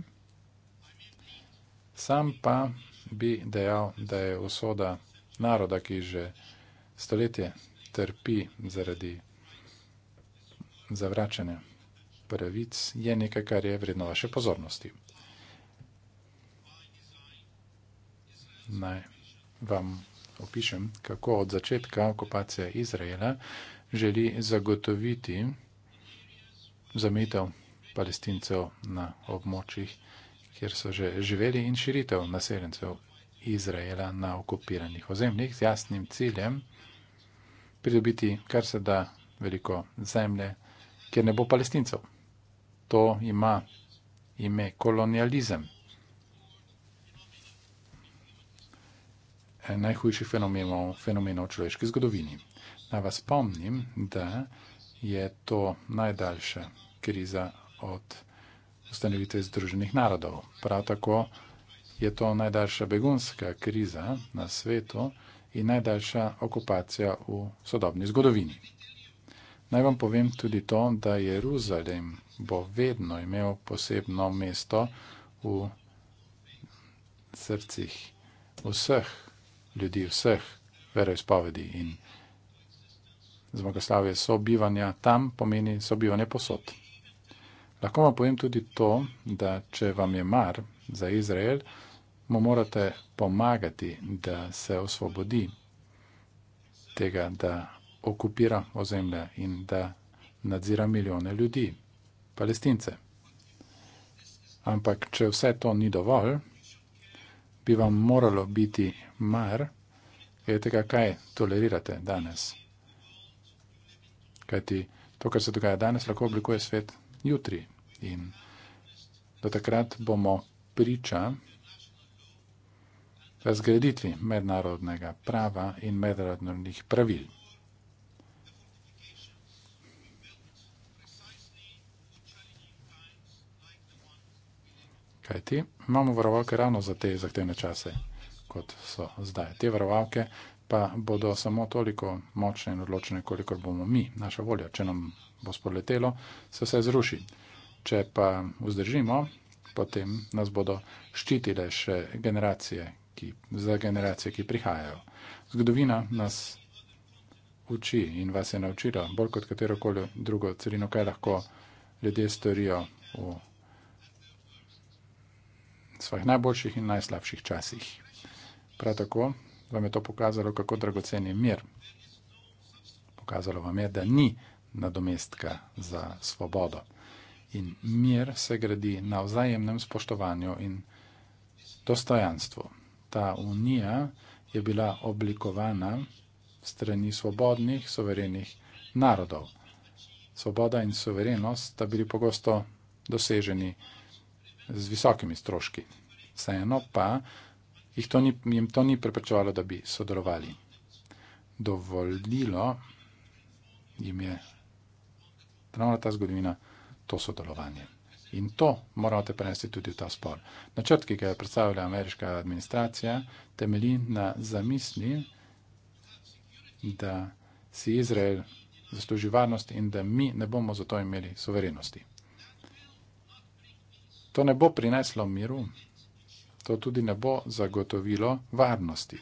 Sam pa bi dejal, da je usoda naroda, ki že stoletje trpi zaradi zavračanja pravic, je nekaj, kar je vredno vaše pozornosti. Naj vam opišem, kako od začetka okupacije Izraela želi zagotoviti zamitev palestincev na območjih, kjer so že živeli in širitev naseljencev Izraela na okupiranih ozemljih z jasnim ciljem pridobiti kar se da veliko zemlje, kjer ne bo palestincev. To ima ime kolonializem. najhujših fenomenov, fenomenov v človeški zgodovini. Naj vas spomnim, da je to najdaljša kriza od ustanovitve Združenih narodov. Prav tako je to najdaljša begunska kriza na svetu in najdaljša okupacija v sodobni zgodovini. Naj vam povem tudi to, da Jeruzalem bo vedno imel posebno mesto v srcih vseh ljudi vseh veroizpovedi in zmagoslavje sobivanja tam pomeni sobivanje posod. Lahko vam povem tudi to, da če vam je mar za Izrael, mu morate pomagati, da se osvobodi tega, da okupira ozemlja in da nadzira milijone ljudi, palestince. Ampak, če vse to ni dovolj, bi vam moralo biti mar, je tega, kaj tolerirate danes. Kajti to, kar se dogaja danes, lahko oblikuje svet jutri. In do takrat bomo priča razgraditvi mednarodnega prava in mednarodnih pravil. Kaj ti imamo varovalke ravno za te zahtevne čase, kot so zdaj. Te varovalke pa bodo samo toliko močne in odločene, kolikor bomo mi, naša volja. Če nam bo spoletelo, se vse zruši. Če pa vzdržimo, potem nas bodo ščitile še generacije, ki, za generacije, ki prihajajo. Zgodovina nas uči in vas je naučila, bolj kot katero koli drugo celino, kaj lahko ljudje storijo v svojih najboljših in najslabših časih. Prav tako vam je to pokazalo, kako dragocen je mir. Pokazalo vam je, da ni nadomestka za svobodo. In mir se gradi na vzajemnem spoštovanju in dostojanstvu. Ta unija je bila oblikovana strani svobodnih, soverenih narodov. Svoboda in soverenost sta bili pogosto doseženi z visokimi stroški. Vseeno pa to ni, jim to ni preprečevalo, da bi sodelovali. Dovolilo jim je ravno ta zgodovina to sodelovanje. In to moramo te prenesti tudi v ta spor. Načrt, ki ga je predstavila ameriška administracija, temelji na zamisli, da si Izrael zasluži varnost in da mi ne bomo zato imeli soverenosti. To ne bo prineslo miru, to tudi ne bo zagotovilo varnosti.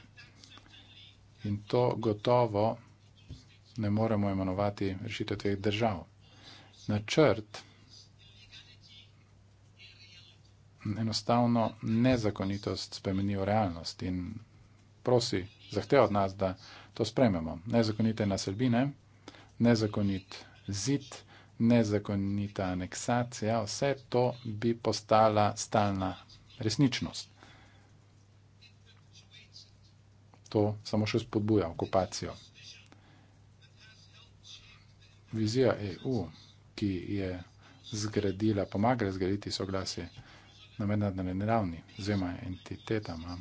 In to gotovo ne moremo imenovati rešitev teh držav. Načrt enostavno nezakonitost spremeni v realnost in prosi, zahteva od nas, da to sprememo. Nezakonite naselbine, nezakonit zid, nezakonita aneksacija, vse to bi postala stalna resničnost. To samo še spodbuja okupacijo. Vizija EU, ki je zgradila, pomagala zgraditi soglasje na mednarodni ravni z dvema entitetama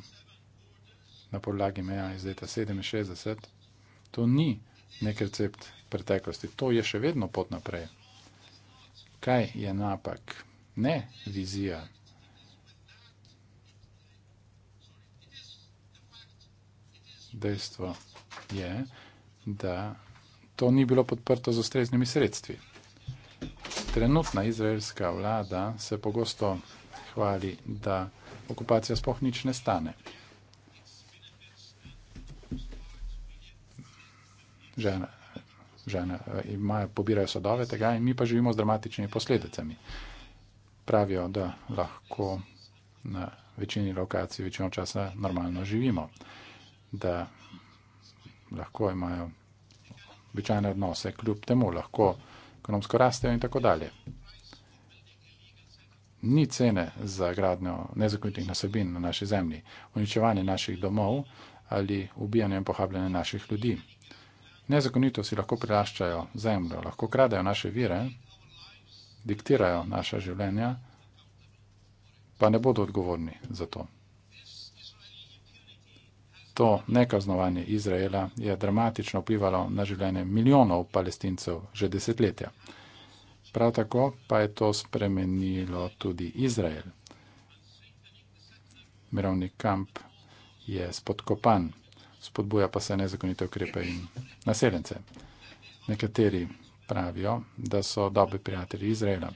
na podlagi meja iz leta 67, to ni nek recept preteklosti, to je še vedno pot naprej kaj je napak, ne vizija. Dejstvo je, da to ni bilo podprto z ustreznimi sredstvi. Trenutna izraelska vlada se pogosto hvali, da okupacija spoh nič ne stane. Žena, žene, e, imajo, pobirajo sadove tega in mi pa živimo z dramatičnimi posledicami. Pravijo, da lahko na večini lokacij večino časa normalno živimo, da lahko imajo običajne odnose, kljub temu lahko ekonomsko rastejo in tako dalje. Ni cene za gradnjo nezakonitih nasebin na naši zemlji, uničevanje naših domov ali ubijanje in pohabljanje naših ljudi. Nezakonito si lahko prilaščajo zemljo, lahko kradejo naše vire, diktirajo naša življenja, pa ne bodo odgovorni za to. To nekaznovanje Izraela je dramatično vplivalo na življenje milijonov palestincev že desetletja. Prav tako pa je to spremenilo tudi Izrael. Mirovni kamp je spodkopan spodbuja pa se nezakonite ukrepe in naseljence. Nekateri pravijo, da so dobri prijatelji Izraela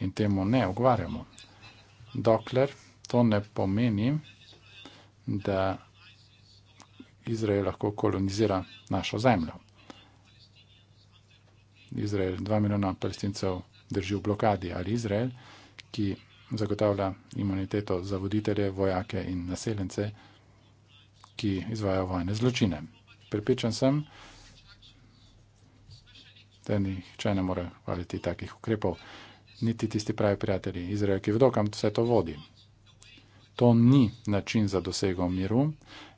in temu ne ogovarjamo. Dokler to ne pomeni, da Izrael lahko kolonizira našo zemljo. Izrael, dva milijona palestincev drži v blokadi ali Izrael, ki zagotavlja imuniteto za voditelje, vojake in naseljence, ki izvajajo vojne zločine. Pripečen sem, da niče ne more valiti takih ukrepov, niti tisti pravi prijatelji Izraela, ki vedo, kam vse to vodi. To ni način za dosego miru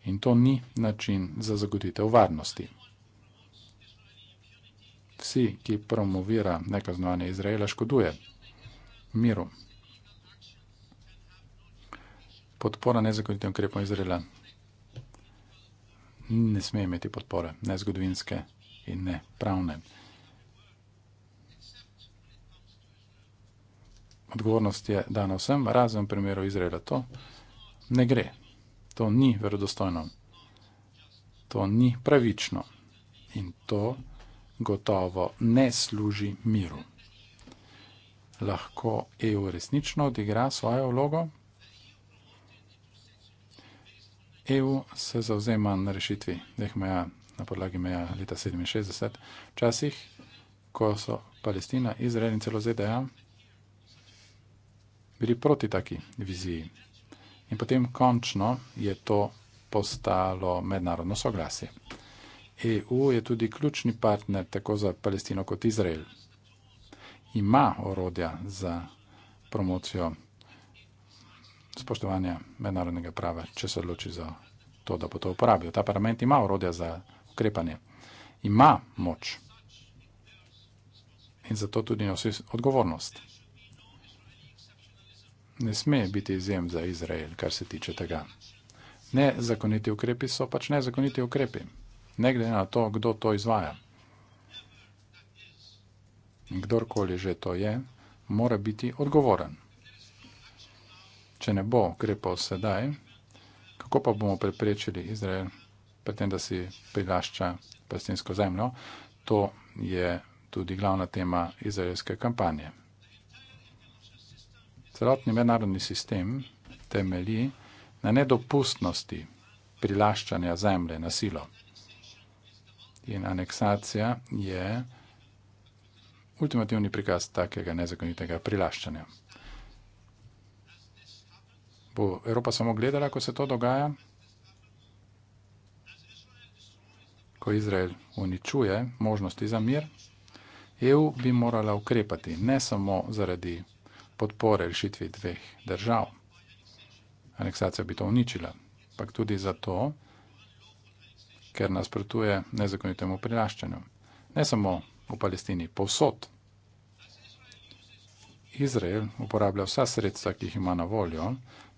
in to ni način za zagotovitev varnosti. Vsi, ki promovira nekaznovanje Izraela, škoduje miru. Podpora nezakonitim ukrepom Izraela ne sme imeti podpore, ne zgodovinske in ne pravne. Odgovornost je dana vsem, razen v primeru Izraela. To ne gre. To ni verodostojno. To ni pravično. In to gotovo ne služi miru. Lahko EU resnično odigra svojo vlogo, EU se zauzema na rešitvi dveh meja na podlagi meja leta 67, včasih, ko so Palestina, Izrael in celo ZDA bili proti taki viziji. In potem končno je to postalo mednarodno soglasje. EU je tudi ključni partner tako za Palestino kot Izrael. Ima orodja za promocijo spoštovanja mednarodnega prava, če se odloči za to, da bo to uporabil. Ta parlament ima orodja za ukrepanje, ima moč in zato tudi nosi odgovornost. Ne sme biti izjem za Izrael, kar se tiče tega. Nezakoniti ukrepi so pač nezakoniti ukrepi, ne glede na to, kdo to izvaja. In kdorkoli že to je, mora biti odgovoren če ne bo ukrepal sedaj, kako pa bomo preprečili Izrael pri tem, da si prilašča palestinsko zemljo, to je tudi glavna tema izraelske kampanje. Celotni mednarodni sistem temelji na nedopustnosti prilaščanja zemlje na silo. In aneksacija je ultimativni prikaz takega nezakonitega prilaščanja. Bo Evropa samo gledala, ko se to dogaja? Ko Izrael uničuje možnosti za mir, EU bi morala ukrepati ne samo zaradi podpore rešitvi dveh držav. Aneksacija bi to uničila, ampak tudi zato, ker nasprotuje nezakonitemu prilaščanju. Ne samo v Palestini, povsod. Izrael uporablja vsa sredstva, ki jih ima na voljo,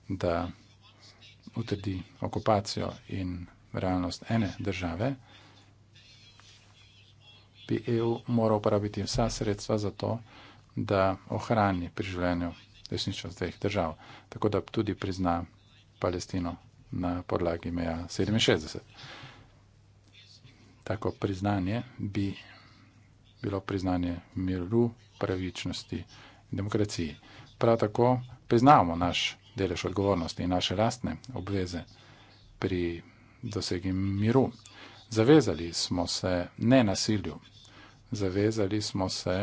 da utrdi okupacijo in realnost ene države, bi EU moral uporabiti vsa sredstva za to, da ohrani pri življenju resničnost dveh držav, tako da tudi prizna Palestino na podlagi meja 67. Tako priznanje bi bilo priznanje miru, pravičnosti in demokraciji. Prav tako priznamo naš delež odgovornosti in naše lastne obveze pri dosegi miru. Zavezali smo se ne nasilju, zavezali smo se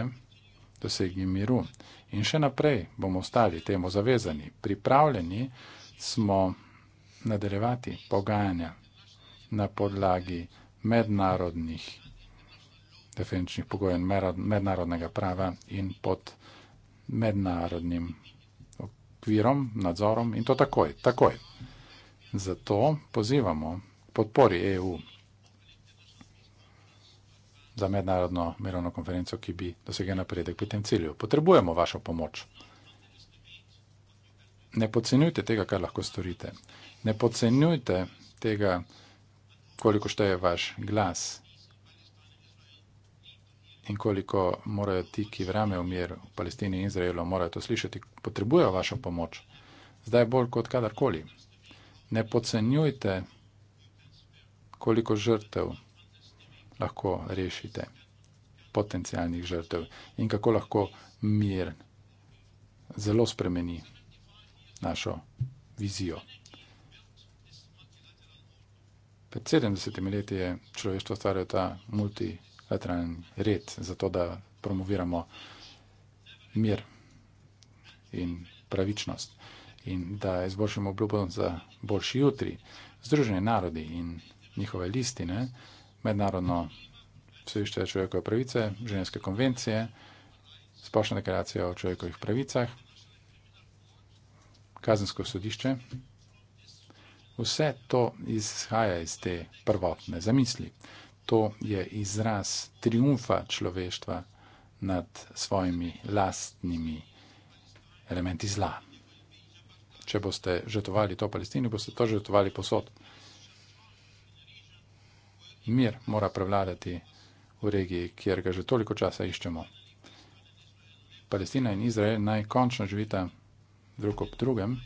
dosegi miru in še naprej bomo ostali temu zavezani. Pripravljeni smo nadaljevati pogajanja na podlagi mednarodnih definičnih pogojen mednarodnega prava in pod mednarodnim okvirom, nadzorom in to takoj, takoj. Zato pozivamo k podpori EU za mednarodno mirovno konferenco, ki bi dosegel napredek pri tem cilju. Potrebujemo vašo pomoč. Ne podcenjujte tega, kar lahko storite. Ne podcenjujte tega, koliko šteje vaš glas in koliko morajo ti, ki vrame v mir v Palestini in Izraelu, morajo to slišati, potrebujejo vašo pomoč. Zdaj bolj kot kadarkoli. Ne podcenjujte, koliko žrtev lahko rešite, potencijalnih žrtev in kako lahko mir zelo spremeni našo vizijo. Pred 70 leti je človeštvo stvarjalo ta multi veteran red, zato da promoviramo mir in pravičnost in da izboljšamo obljubo za boljši jutri. Združene narodi in njihove listine, mednarodno vsevišče človekove pravice, ženske konvencije, splošna deklaracija o človekovih pravicah, kazensko sodišče, vse to izhaja iz te prvotne zamisli to je izraz triumfa človeštva nad svojimi lastnimi elementi zla. Če boste žrtovali to Palestini, boste to žrtovali posod. Mir mora prevladati v regiji, kjer ga že toliko časa iščemo. Palestina in Izrael naj končno živita drug ob drugem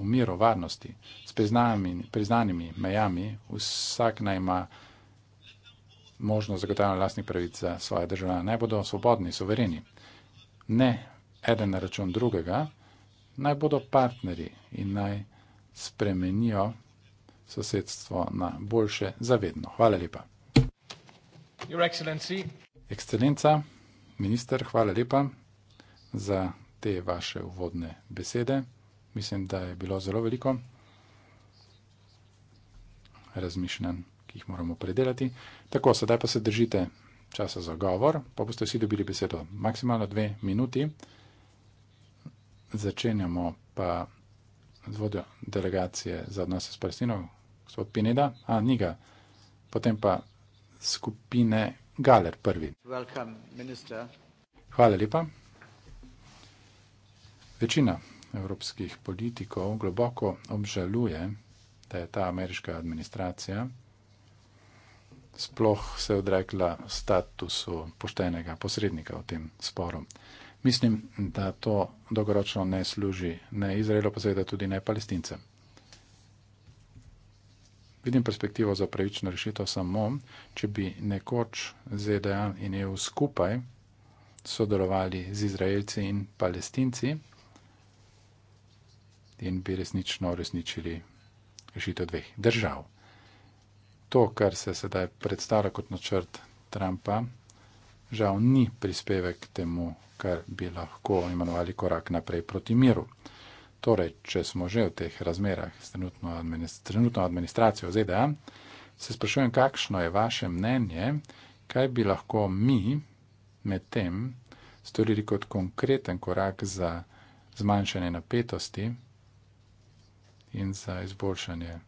v miru, varnosti, s priznanimi mejami, vsak naj ima možnost zagotavljanja vlastnih pravic za svoje državljane. Naj bodo svobodni, sovereni, ne eden na račun drugega, naj bodo partnerji in naj spremenijo sosedstvo na boljše zavedno. Hvala lepa. Ekscelenca, minister, hvala lepa za te vaše uvodne besede. Mislim, da je bilo zelo veliko razmišljanj ki jih moramo predelati. Tako, sedaj pa se držite časa za govor, pa boste vsi dobili besedo. Maksimalno dve minuti. Začenjamo pa z vodjo delegacije za odnose s Palestino, gospod Pineda, a njega, potem pa skupine Galer prvi. Welcome, Hvala lepa. Večina evropskih politikov globoko obžaluje, da je ta ameriška administracija sploh se odrekla statusu poštenega posrednika v tem sporu. Mislim, da to dolgoročno ne služi ne Izraelu, pa seveda tudi ne palestincem. Vidim perspektivo za pravično rešitev samo, če bi nekoč ZDA in EU skupaj sodelovali z Izraelci in palestinci in bi resnično uresničili rešitev dveh držav to, kar se sedaj predstavlja kot načrt Trumpa, žal ni prispevek k temu, kar bi lahko imenovali korak naprej proti miru. Torej, če smo že v teh razmerah s trenutno, administ trenutno administracijo ZDA, se sprašujem, kakšno je vaše mnenje, kaj bi lahko mi med tem storili kot konkreten korak za zmanjšanje napetosti in za izboljšanje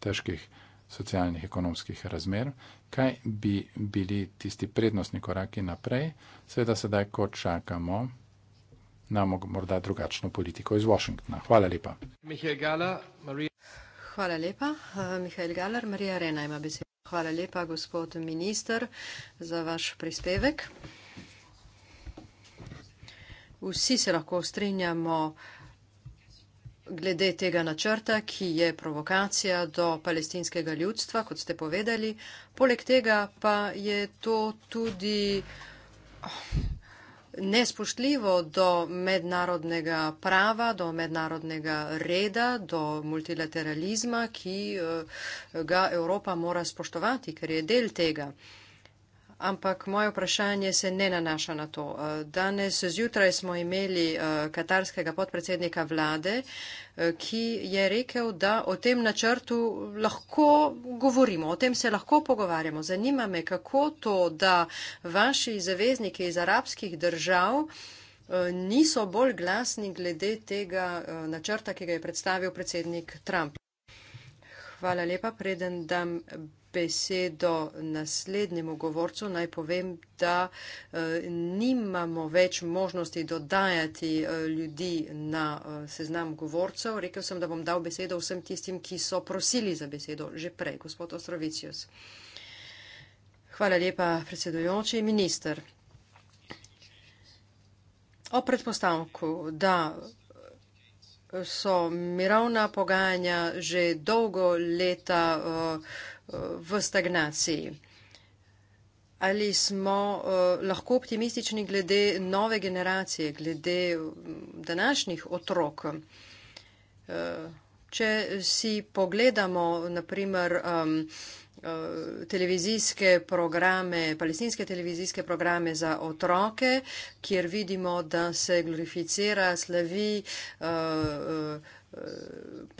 težkih socialnih, ekonomskih razmer, kaj bi bili tisti prednostni koraki naprej, seveda sedaj, ko čakamo na morda drugačno politiko iz Washingtona. Hvala lepa. Gala, Marija... Hvala lepa, Mihajl Galar, Marija Rena ima besedo. Hvala lepa, gospod minister, za vaš prispevek. Vsi se lahko strinjamo, glede tega načrta, ki je provokacija do palestinskega ljudstva, kot ste povedali. Poleg tega pa je to tudi oh, nespoštljivo do mednarodnega prava, do mednarodnega reda, do multilateralizma, ki eh, ga Evropa mora spoštovati, ker je del tega ampak moje vprašanje se ne nanaša na to. Eh, danes zjutraj smo imeli eh, katarskega podpredsednika vlade, eh, ki je rekel, da o tem načrtu lahko govorimo, o tem se lahko pogovarjamo. Zanima me, kako to, da vaši zavezniki iz arabskih držav niso bolj glasni glede tega načrta, ki ga je predstavil predsednik Trump. Hvala lepa, preden dam besedo naslednjemu govorcu, naj povem, da eh, nimamo več možnosti dodajati eh, ljudi na eh, seznam govorcev. Rekel sem, da bom dal besedo vsem tistim, ki so prosili za besedo že prej, gospod Ostrovicius. Hvala lepa, predsedujoči minister. O predpostavku, da so mirovna pogajanja že dolgo leta uh, v stagnaciji. Ali smo uh, lahko optimistični glede nove generacije, glede mm, današnjih otrok? Uh, če si pogledamo, naprimer, um, eh, televizijske programe, palestinske televizijske programe za otroke, kjer vidimo, da se glorificira, slavi. Uh, uh,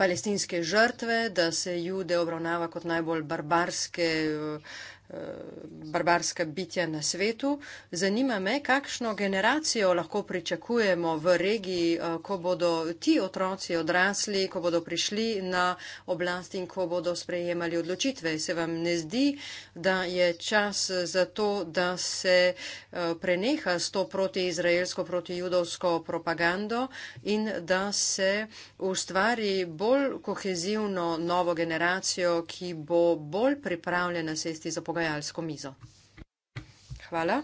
palestinske žrtve, da se jude obravnava kot najbolj barbarske uh, barbarska bitja na svetu. Zanima me, kakšno generacijo lahko pričakujemo v regiji, eh, ko bodo ti otroci odrasli, ko bodo prišli na oblast in ko bodo sprejemali odločitve. Se vam ne zdi, da je čas za to, da se eh, preneha s to protiizraelsko, protijudovsko propagando in da se ustvari bolj kohezivno novo generacijo, ki bo bolj pripravljena sesti za pogajanje pogajalsko mizo. Hvala.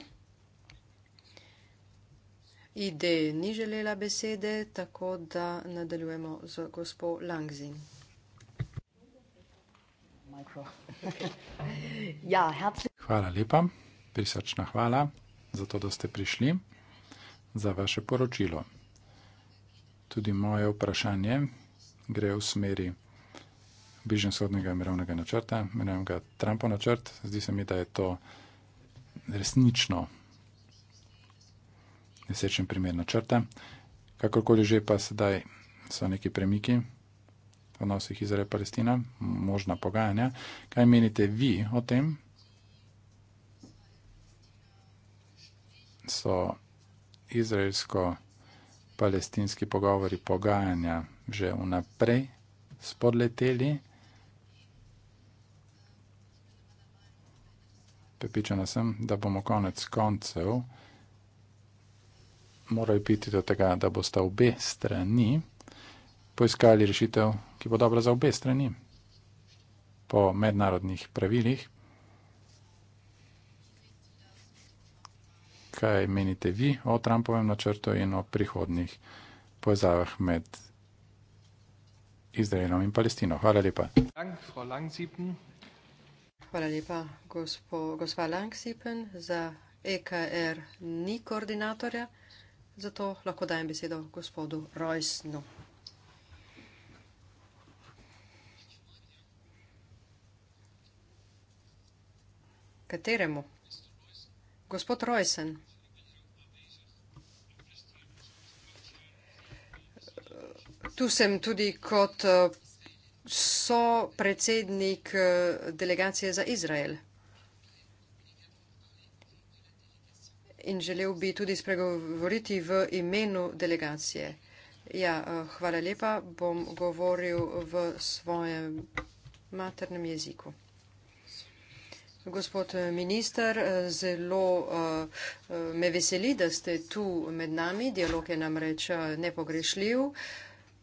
Ide ni želela besede, tako da nadaljujemo z gospo Langzin. *laughs* Ja, hvala lepa, prisrčna hvala za to, da ste prišli, za vaše poročilo. Tudi moje vprašanje gre v smeri bližnjega sodnega mirovnega načrta, imenujem ga Trumpo načrt. Zdi se mi, da je to resnično nesrečen primer načrta. Kakorkoli že pa sedaj so neki premiki v odnosih Izrael-Palestina, možna pogajanja. Kaj menite vi o tem? So izraelsko-palestinski pogovori pogajanja že vnaprej spodleteli? prepričana sem, da bomo konec koncev morali priti do tega, da bosta obe strani poiskali rešitev, ki bo dobra za obe strani, po mednarodnih pravilih. Kaj menite vi o Trumpovem načrtu in o prihodnih povezavah med Izraelom in Palestino? Hvala lepa. Dank, Hvala lepa, gospo, gospa Langsipen, za EKR ni koordinatorja, zato lahko dajem besedo gospodu Rojsnu. Kateremu? Gospod Rojsen. Tu sem tudi kot so predsednik eh, delegacije za Izrael. In želel bi tudi spregovoriti v imenu delegacije. Ja, eh, hvala lepa, bom govoril v svojem maternem jeziku. Gospod eh, minister, zelo me veseli, da ste tu med nami. Dialog je namreč nepogrešljiv.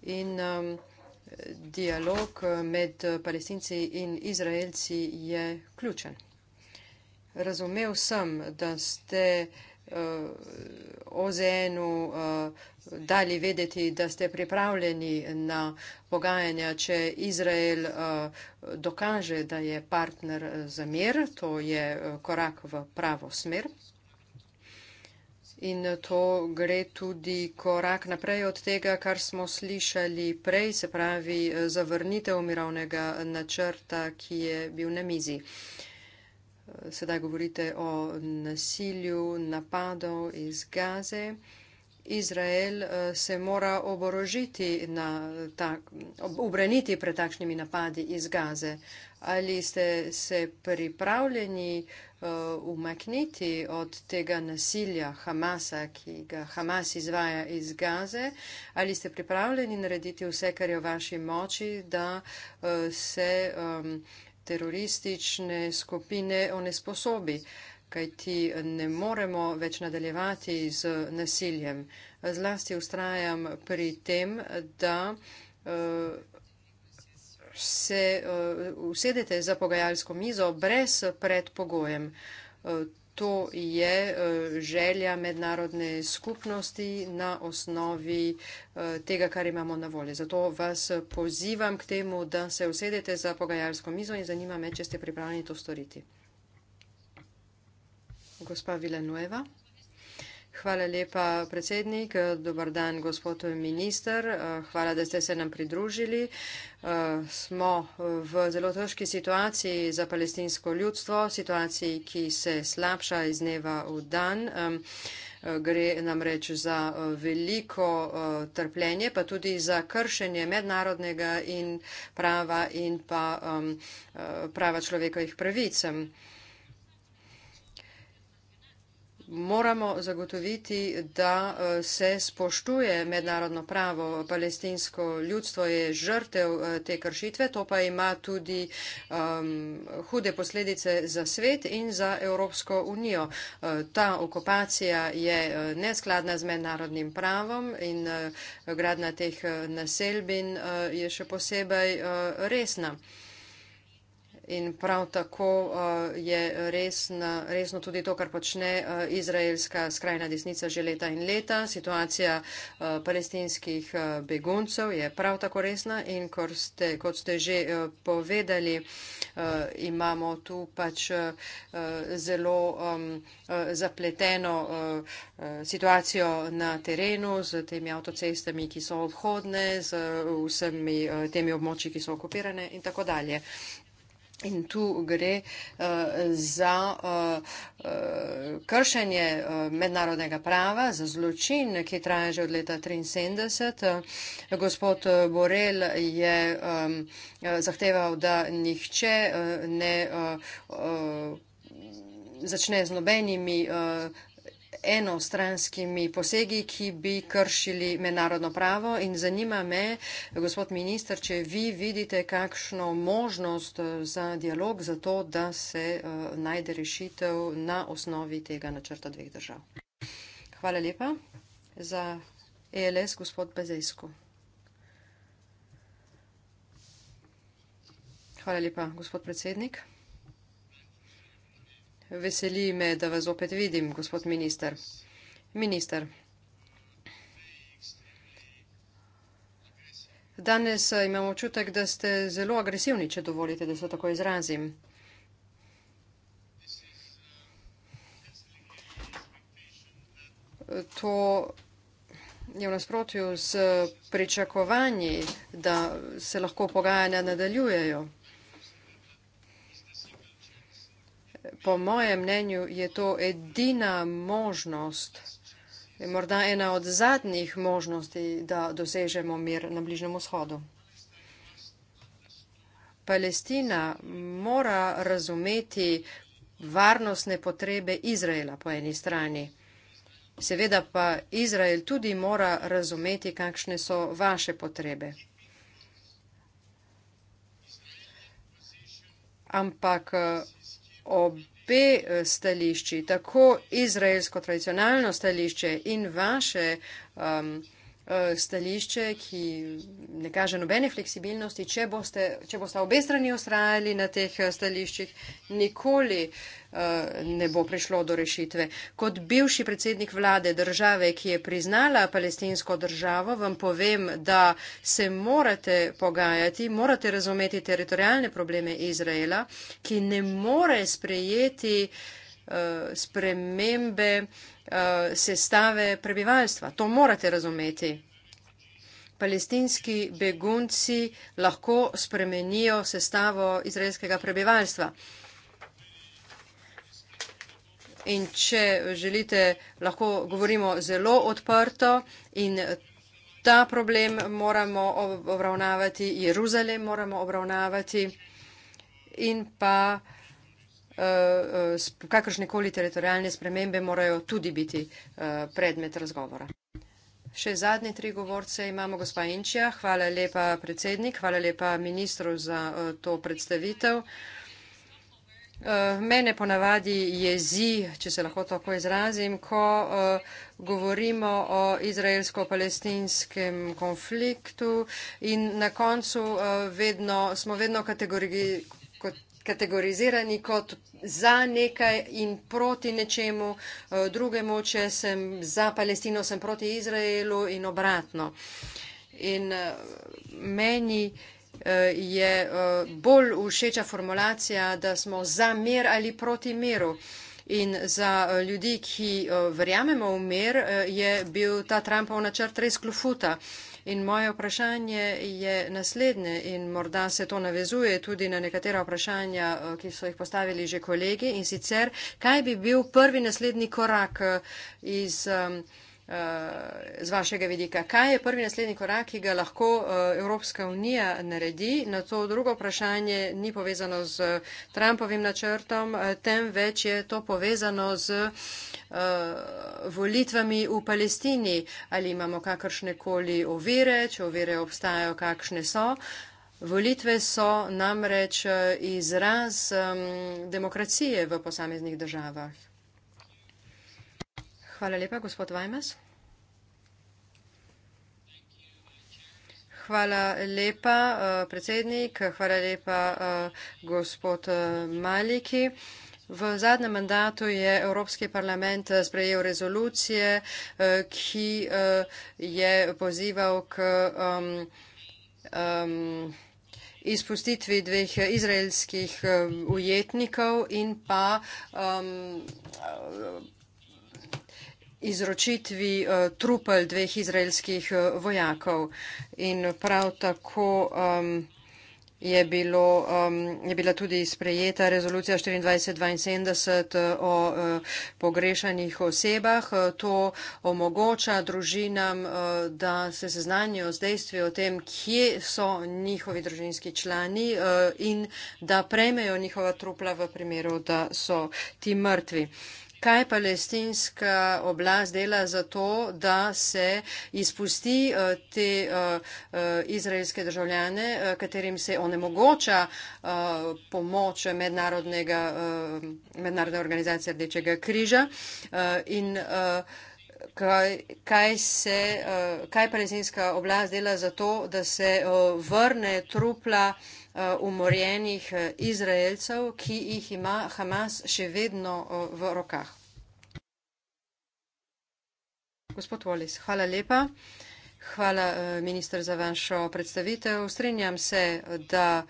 In, um, dialog eh, med eh, palestinci in izraelci je ključen. Razumev sem, da ste uh, eh, OZN-u uh, dali vedeti, da ste pripravljeni na pogajanja, če Izrael uh, dokaže, da je partner za mir. To je korak v pravo smer. In to gre tudi korak naprej od tega, kar smo slišali prej, se pravi zavrnitev mirovnega načrta, ki je bil na mizi. Sedaj govorite o nasilju, napadov iz Gaze. Izrael eh, se mora oborožiti, na ta, obreniti pred takšnimi napadi iz Gaze ali ste se pripravljeni uh, umakniti od tega nasilja Hamasa, ki ga Hamas izvaja iz Gaze, ali ste pripravljeni narediti vse, kar je v vaši moči, da uh, se um, teroristične skupine onesposobi, kajti ne moremo več nadaljevati z nasiljem. Zlasti ustrajam pri tem, da uh, se uh, usedete za pogajalsko mizo brez predpogojem. Uh, to je uh, želja mednarodne skupnosti na osnovi uh, tega, kar imamo na voljo. Zato vas pozivam k temu, da se usedete za pogajalsko mizo in zanima me, če ste pripravljeni to storiti. Gospa Vilenueva. Hvala lepa, predsednik. Dobar dan, gospod minister. Hvala, da ste se nam pridružili. Smo v zelo težki situaciji za palestinsko ljudstvo, situaciji, ki se slabša iz dneva v dan. Gre namreč za veliko trpljenje, pa tudi za kršenje mednarodnega in prava in pa prava človekovih pravic moramo zagotoviti, da eh, se spoštuje mednarodno pravo. Palestinsko ljudstvo je žrtev eh, te kršitve, to pa ima tudi um, hude posledice za svet in za Evropsko unijo. Eh, ta okupacija je neskladna z mednarodnim pravom in gradna teh naselbin je še posebej resna. In prav tako uh, je resna, resno tudi to, kar počne uh, izraelska skrajna desnica že leta in leta. Situacija uh, palestinskih uh, beguncev je prav tako resna in ste, kot ste že uh, povedali, uh, imamo tu pač uh, zelo um, uh, zapleteno uh, uh, situacijo na terenu z temi avtocestami, ki so odhodne, z uh, vsemi uh, temi območji, ki so okupirane in tako dalje. In tu gre uh, za uh, uh, kršenje uh, mednarodnega prava, za zločin, ki traja že od leta 1973. Uh, gospod Borel je um, zahteval, da nihče uh, ne uh, uh, začne z nobenimi uh, enostranskimi posegi, ki bi kršili mednarodno pravo. In zanima me, gospod minister, če vi vidite kakšno možnost eh, za dialog, za to, da se eh, najde rešitev na osnovi tega načrta dveh držav. Hvala lepa za ELS, gospod Bezejsko. Hvala lepa, gospod predsednik. Veseli me, da vas opet vidim, gospod minister. Minister. Danes eh, imamo občutek, da ste zelo agresivni, če dovolite, da se tako izrazim. To je v nasprotju s pričakovanji, da se lahko pogajanja nadaljujejo. po mojem mnenju je to edina možnost, morda ena od zadnjih možnosti, da dosežemo mir na Bližnem vzhodu. Palestina mora razumeti varnostne potrebe Izraela po eni strani. Seveda pa Izrael tudi mora razumeti, kakšne so vaše potrebe. Ampak obe eh, stališči, tako izraelsko tradicionalno stališče in vaše um, Eh, stališče, ki ne kaže nobene fleksibilnosti, če, boste, če bosta obe strani ustrajali na teh eh, stališčih, nikoli eh, ne bo prišlo do rešitve. Kot bivši predsednik vlade države, ki je priznala palestinsko državo, vam povem, da se morate pogajati, morate razumeti teritorijalne probleme Izraela, ki ne more sprejeti Eh, spremembe eh, sestave prebivalstva. To morate razumeti. Palestinski begunci lahko spremenijo sestavo izraelskega prebivalstva. In če želite, lahko govorimo zelo odprto in ta problem moramo obravnavati, Jeruzalem moramo obravnavati in pa uh, Eh, eh, kakršne koli teritorijalne spremembe morajo tudi biti eh, predmet razgovora. Še zadnji tri govorce imamo gospa Inčija. Hvala lepa predsednik, hvala lepa ministru za to predstavitev. Mene ponavadi jezi, če se lahko tako izrazim, ko govorimo o izraelsko-palestinskem konfliktu in na koncu vedno, smo vedno kategorizirali kategorizirani kot za nekaj in proti nečemu eh, drugemu, če sem za Palestino, sem proti Izraelu in obratno. In eh, meni eh, je bolj všeča formulacija, da smo za mir ali proti miru. In za ljudi, ki verjamemo v mir, je bil ta Trumpov načrt res klufuta. In moje vprašanje je naslednje in morda se to navezuje tudi na nekatera vprašanja, eh, ki so jih postavili že kolegi in sicer, kaj bi bil prvi naslednji korak eh, iz. Um, z vašega vidika. Kaj je prvi naslednji korak, ki ga lahko eh, Evropska unija naredi? Na to drugo vprašanje ni povezano z Trumpovim načrtom, eh, temveč je to povezano z eh, volitvami v Palestini. Ali imamo kakršne koli ovire, če ovire obstajajo, kakšne so. Volitve so namreč izraz um, demokracije v posameznih državah. Hvala lepa, gospod Vajmes. Hvala lepa, eh, predsednik. Hvala lepa, eh, gospod eh, Maliki. V zadnjem mandatu je Evropski parlament sprejel rezolucije, ki je pozival k um, um, izpustitvi dveh izraelskih ujetnikov in pa um, izročitvi uh, trupel dveh izraelskih uh, vojakov. In prav tako um, je, bilo, um, je bila tudi sprejeta rezolucija 2472 eh, o uh, pogrešanih osebah. To omogoča družinam, uh, da se seznanijo z dejstvi o tem, kje so njihovi družinski člani uh, in da prejmejo njihova trupla v primeru, da so ti mrtvi. Uh, Kaj palestinska oblast dela za to, da se izpusti eh, te eh, eh, izraelske državljane, katerim se onemogoča pomoč mednarodne organizacije Rdečega križa in Kaj, kaj, se, kaj palestinska oblast dela za to, da se vrne trupla uh, Eh, umorjenih eh, Izraelcev, ki jih ima Hamas še vedno eh, v rokah. Gospod Wallis, hvala lepa. Hvala, minister, za vašo predstavitev. Strinjam se, da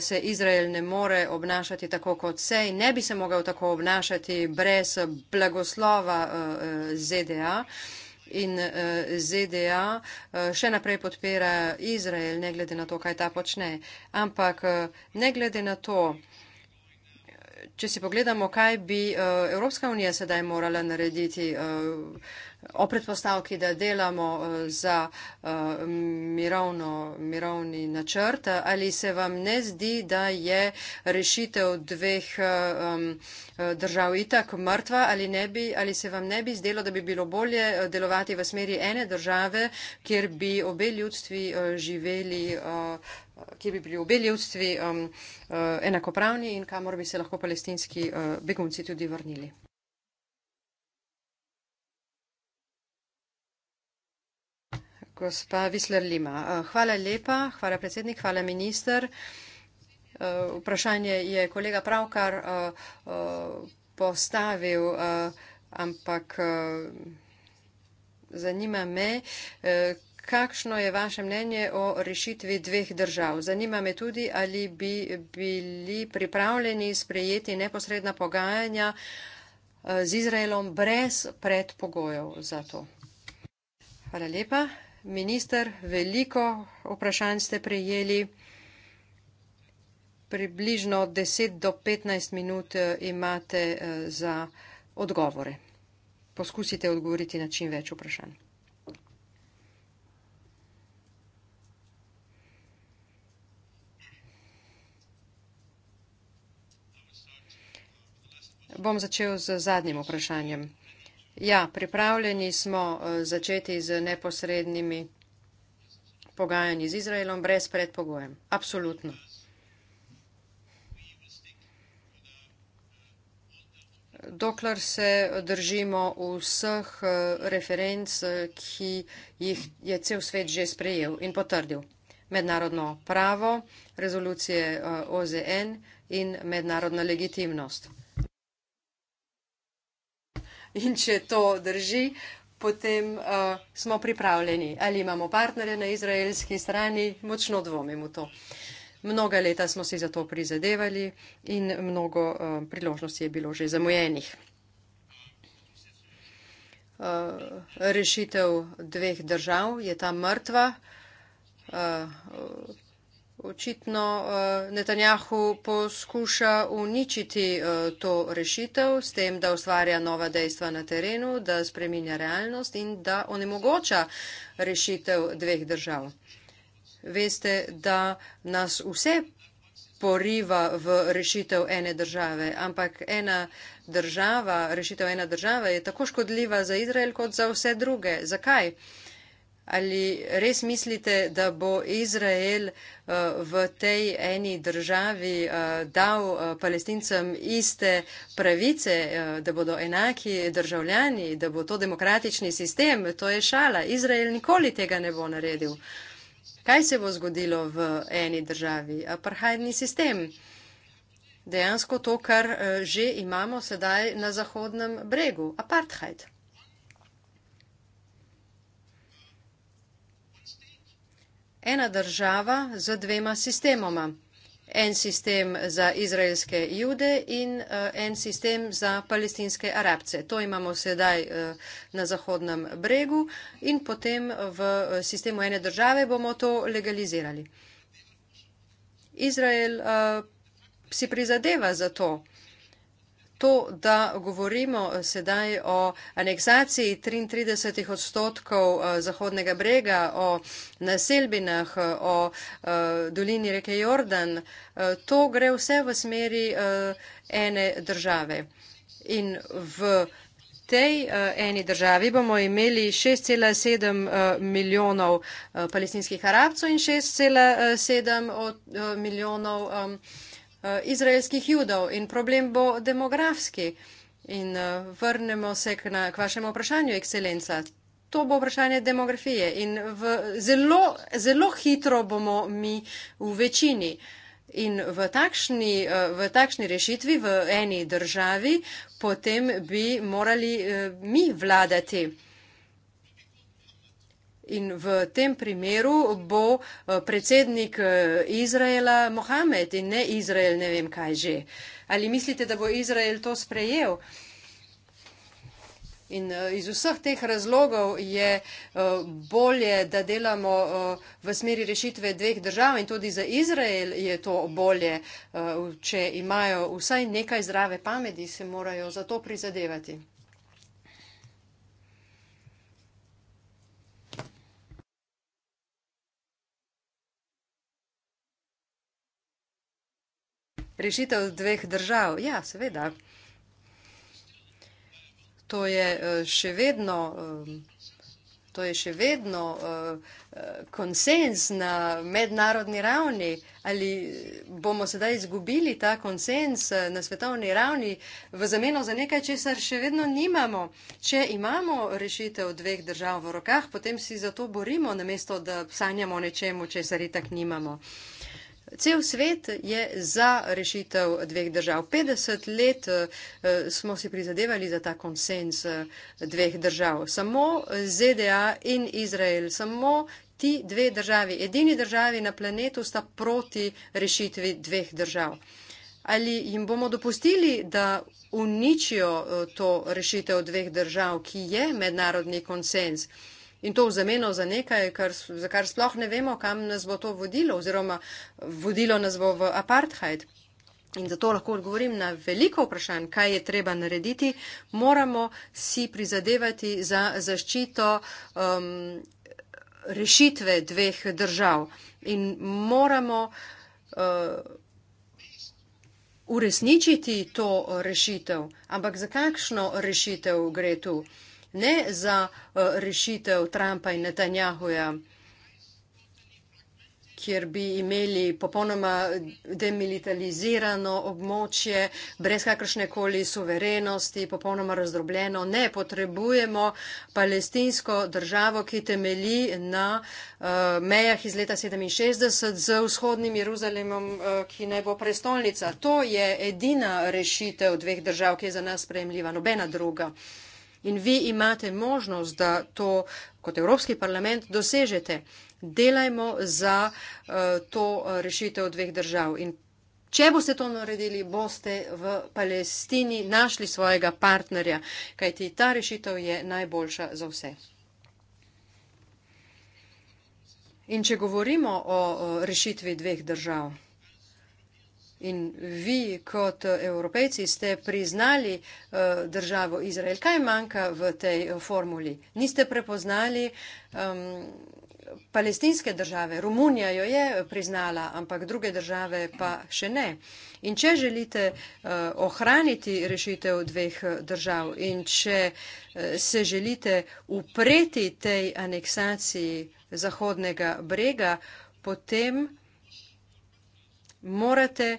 se Izrael ne more obnašati tako kot se in ne bi se mogel tako obnašati brez blagoslova ZDA in eh, ZDA eh, še naprej podpira Izrael, ne glede na to, kaj ta počne. Ampak eh, ne glede na to, Če si pogledamo, kaj bi eh, Evropska unija sedaj morala narediti eh, o predpostavki, da delamo eh, za mirovno, mirovni načrt, ali se vam ne zdi, da je rešitev dveh držav itak mrtva, ali, ne bi, ali se vam ne bi zdelo, da bi bilo bolje delovati v smeri ene države, kjer bi obe ljudstvi živeli kjer bi bili obe ljudstvi um, uh, enakopravni in kamor bi se lahko palestinski uh, begunci tudi vrnili. Gospa Visler Lima, uh, hvala lepa, hvala predsednik, hvala minister. Uh, vprašanje je kolega pravkar uh, uh, postavil, uh, ampak uh, zanima me, uh, kakšno je vaše mnenje o rešitvi dveh držav. Zanima me tudi, ali bi bili pripravljeni sprejeti neposredna pogajanja eh, z Izraelom brez predpogojev za to. Hvala lepa. Minister, veliko vprašanj ste prejeli. Približno 10 do 15 minut eh, imate eh, za odgovore. Poskusite odgovoriti na čim več vprašanj. Bom začel z zadnjim vprašanjem. Ja, pripravljeni smo eh, začeti z neposrednimi pogajanji z Izraelom brez predpogojem. Absolutno. Dokler se držimo vseh eh, referenc, eh, ki jih je cel svet že sprejel in potrdil. Mednarodno pravo, rezolucije OZN in mednarodna legitimnost. In če to drži, potem uh, smo pripravljeni. Ali imamo partnerje na izraelski strani, močno dvomim v to. Mnoga leta smo si za to prizadevali in mnogo uh, priložnosti je bilo že zamujenih. Uh, rešitev dveh držav je ta mrtva. Uh, Očitno eh, Netanjahu poskuša uničiti eh, to rešitev s tem, da ustvarja nova dejstva na terenu, da spreminja realnost in da onemogoča rešitev dveh držav. Veste, da nas vse poriva v rešitev ene države, ampak ena država, rešitev ena država je tako škodljiva za Izrael kot za vse druge. Zakaj? Ali res mislite, da bo Izrael eh, v tej eni državi eh, dal eh, palestincem iste pravice, da bodo enaki državljani, da bo to demokratični sistem? To je šala. Izrael nikoli tega ne bo naredil. Kaj se bo zgodilo v eni državi? Aparhajni sistem. Dejansko to, kar že imamo sedaj na Zahodnem bregu. Apartheid. ena država z dvema sistemoma. En sistem za izraelske jude in uh, en sistem za palestinske arabce. To imamo sedaj uh, na Zahodnem bregu in potem v eh, sistemu ene države bomo to legalizirali. Izrael uh, si prizadeva za to to, da govorimo eh, sedaj o aneksaciji 33 odstotkov eh, Zahodnega brega, o naselbinah, eh, o dolini reke Jordan, to gre vse v smeri ene države. In v tej eni državi bomo imeli 6,7 milijonov palestinskih arabcev in 6,7 milijonov palestinskih arabcev. Eh, izraelskih judov in problem bo demografski. In uh, vrnemo se k, na, k vašemu vprašanju, ekscelenca. To bo vprašanje demografije in v, zelo, zelo hitro bomo mi v večini. In v takšni, eh, v takšni rešitvi, v eni državi, potem bi morali mi vladati. In v tem primeru bo eh, predsednik eh, Izraela Mohamed in ne Izrael, ne vem kaj že. Ali mislite, da bo Izrael to sprejel? In eh, iz vseh teh razlogov je bolje, da delamo v smeri rešitve dveh držav in tudi za Izrael je to bolje, če imajo vsaj nekaj zdrave pameti, se morajo za to prizadevati. Rešitev dveh držav, ja, seveda. To je eh, še vedno, eh, to je še vedno eh, konsens na mednarodni ravni. Ali bomo sedaj izgubili ta konsens na svetovni ravni v zameno za nekaj, česar še vedno nimamo? Če imamo rešitev dveh držav v rokah, potem si za to borimo, namesto da sanjamo o nečemu, česar itak nimamo. Cel svet je za rešitev dveh držav. 50 let eh, smo si prizadevali za ta konsens eh, dveh držav. Samo ZDA in Izrael, samo ti dve državi, edini državi na planetu sta proti rešitvi dveh držav. Ali jim bomo dopustili, da uničijo eh, to rešitev dveh držav, ki je mednarodni konsens? In to v zameno za nekaj, kar, za kar sploh ne vemo, kam nas bo to vodilo, oziroma vodilo nas bo v apartheid. In zato lahko odgovorim na veliko vprašanj, kaj je treba narediti. Moramo si prizadevati za zaščito um, rešitve dveh držav in moramo uh, uresničiti to rešitev. Ampak za kakšno rešitev gre tu? ne za eh, rešitev Trumpa in Netanjahuja, kjer bi imeli popolnoma demilitarizirano območje, brez kakršnekoli suverenosti, popolnoma razdrobljeno. Ne, potrebujemo palestinsko državo, ki temeli na uh, mejah iz leta 67 z vzhodnim Jeruzalemom, uh, ki naj bo prestolnica. To je edina rešitev dveh držav, ki je za nas sprejemljiva, nobena druga. In vi imate možnost, da to kot Evropski parlament dosežete. Delajmo za uh, to eh, rešitev dveh držav. In če boste to naredili, boste v Palestini našli svojega partnerja, kajti ta rešitev je najboljša za vse. In če govorimo o eh, rešitvi dveh držav, In vi kot evropejci ste priznali eh, državo Izrael. Kaj manjka v tej formuli? Niste prepoznali um, palestinske države. Romunija jo je priznala, ampak druge države pa še ne. In če želite uh, ohraniti rešitev dveh eh, držav in če uh, se želite upreti tej aneksaciji Zahodnega brega, potem morate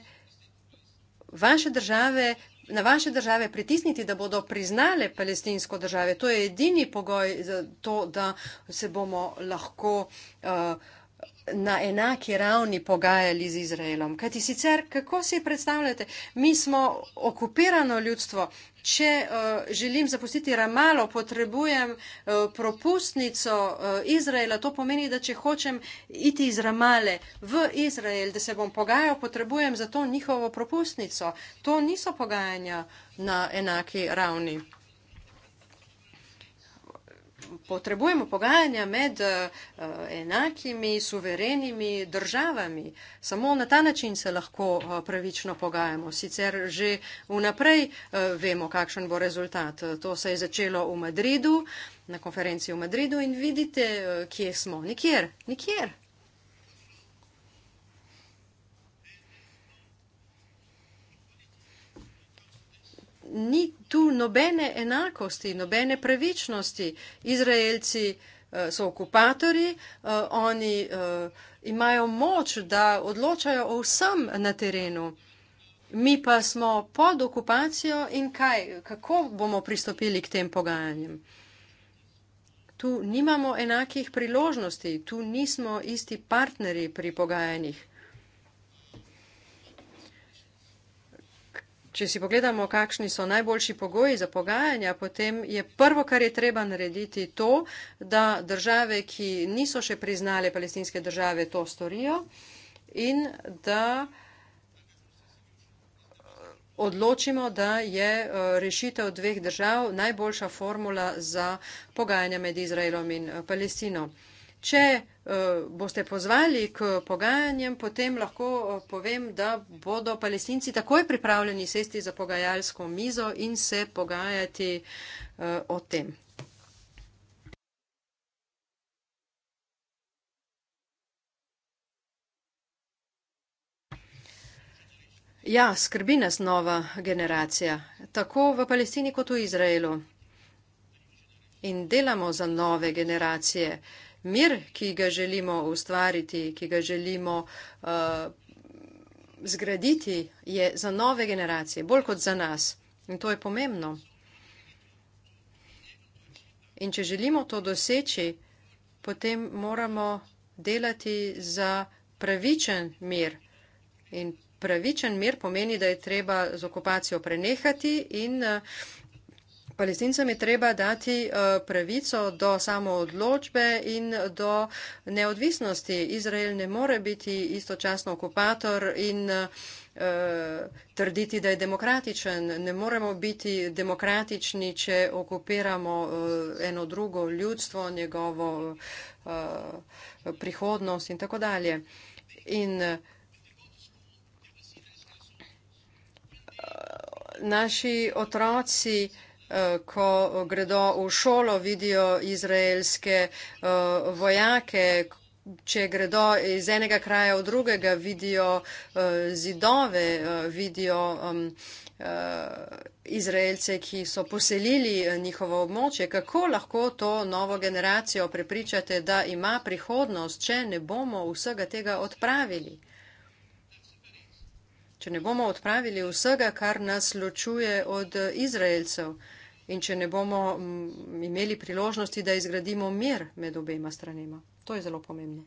vaše države, na vaše države pritisniti, da bodo priznale palestinsko državo. To je edini pogoj za to, da se bomo lahko uh, na enaki ravni pogajali z Izraelom. Kaj ti sicer, kako si predstavljate, mi smo okupirano ljudstvo, če uh, želim zapustiti Ramalo, potrebujem uh, propustnico uh, Izraela, to pomeni, da če hočem iti iz Ramale v Izrael, da se bom pogajal, potrebujem za to njihovo propustnico. To niso pogajanja na enaki ravni potrebujemo pogajanja med eh, enakimi, suverenimi državami. Samo na ta način se lahko eh, pravično pogajamo. Sicer že vnaprej eh, vemo, kakšen bo rezultat. To se je začelo v Madridu, na konferenci v Madridu in vidite, kje smo. Nikjer, nikjer. ni tu nobene enakosti, nobene pravičnosti. Izraelci eh, so okupatori, eh, oni eh, imajo moč, da odločajo o vsem na terenu. Mi pa smo pod okupacijo in kaj, kako bomo pristopili k tem pogajanjem? Tu nimamo enakih priložnosti, tu nismo isti partneri pri pogajanjih. Če si pogledamo, kakšni so najboljši pogoji za pogajanja, potem je prvo, kar je treba narediti, to, da države, ki niso še priznale palestinske države, to storijo in da eh, odločimo, da je eh, rešitev dveh držav najboljša formula za pogajanja med Izraelom in eh, Palestino če eh, boste pozvali k pogajanjem, potem lahko eh, povem, da bodo palestinci takoj pripravljeni sesti za pogajalsko mizo in se pogajati eh, o tem. Ja, skrbi nas nova generacija, tako v Palestini kot v Izraelu. In delamo za nove generacije. Uh, mir, ki ga želimo ustvariti, ki ga želimo uh, zgraditi, je za nove generacije, bolj kot za nas. In to je pomembno. In če želimo to doseči, potem moramo delati za pravičen mir. In pravičen mir pomeni, da je treba z okupacijo prenehati in uh, palestincem je treba dati eh, pravico do samoodločbe in do neodvisnosti. Izrael ne more biti istočasno okupator in eh, trditi, da je demokratičen. Ne moremo biti demokratični, če okupiramo eh, eno drugo ljudstvo, njegovo prihodnost in tako dalje. In naši otroci Eh, ko gredo v šolo, vidijo izraelske eh, vojake, če gredo iz enega kraja v drugega, vidijo eh, zidove, vidijo um, izraelce, ki so poselili njihovo območje. Kako lahko to novo generacijo prepričate, da ima prihodnost, če ne bomo vsega tega odpravili? Če ne bomo odpravili vsega, kar nas ločuje od izraelcev? in če ne bomo imeli priložnosti, da izgradimo mir med obema stranima. To je zelo pomembno.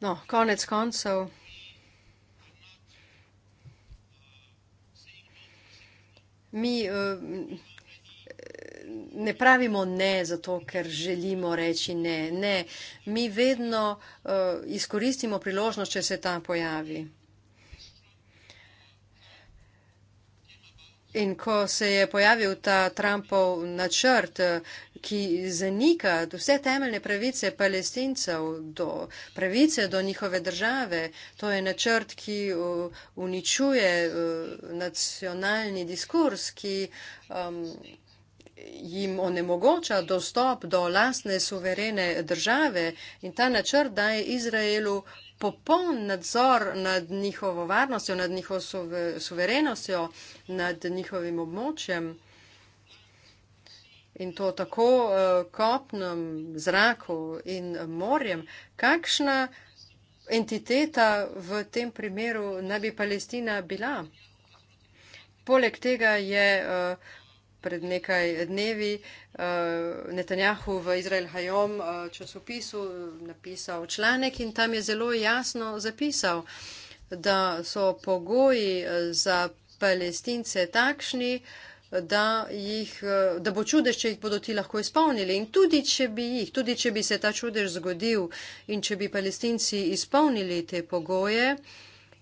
No, konec koncev. Mi. Uh, ne pravimo ne zato, ker želimo reči ne. Ne, mi vedno uh, izkoristimo priložnost, če se ta pojavi. In ko se je pojavil ta Trumpov načrt, ki zanika vse temeljne pravice palestincev do pravice do njihove države, to je načrt, ki eh, uničuje eh, nacionalni diskurs, ki. Um, jim onemogoča dostop do lastne suverene države in ta načrt daje Izraelu popoln nadzor nad njihovo varnostjo, nad njihovo suverenostjo, nad njihovim območjem. In to tako eh, kopnem, zraku in morjem. Kakšna entiteta v tem primeru naj bi Palestina bila? Poleg tega je uh, pred nekaj dnevi uh, eh, Netanjahu v Izrael Hajom uh, eh, časopisu eh, napisal članek in tam je zelo jasno zapisal, da so pogoji za palestince takšni, da, jih, da bo čudež, če jih bodo ti lahko izpolnili. In tudi če bi jih, tudi če bi se ta čudež zgodil in če bi palestinci izpolnili te pogoje,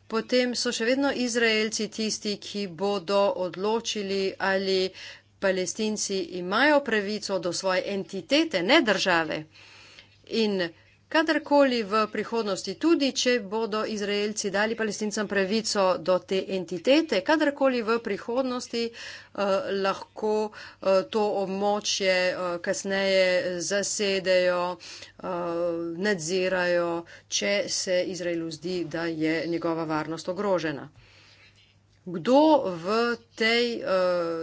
potem so še vedno Izraelci tisti, ki bodo odločili, ali uh, palestinci imajo pravico do svoje entitete, ne države. In kadarkoli v prihodnosti, tudi če bodo Izraelci dali palestincem pravico do te entitete, kadarkoli v prihodnosti eh, lahko eh, to območje eh, kasneje zasedejo, eh, nadzirajo, če se Izraelu zdi, da je njegova varnost ogrožena kdo v tej uh,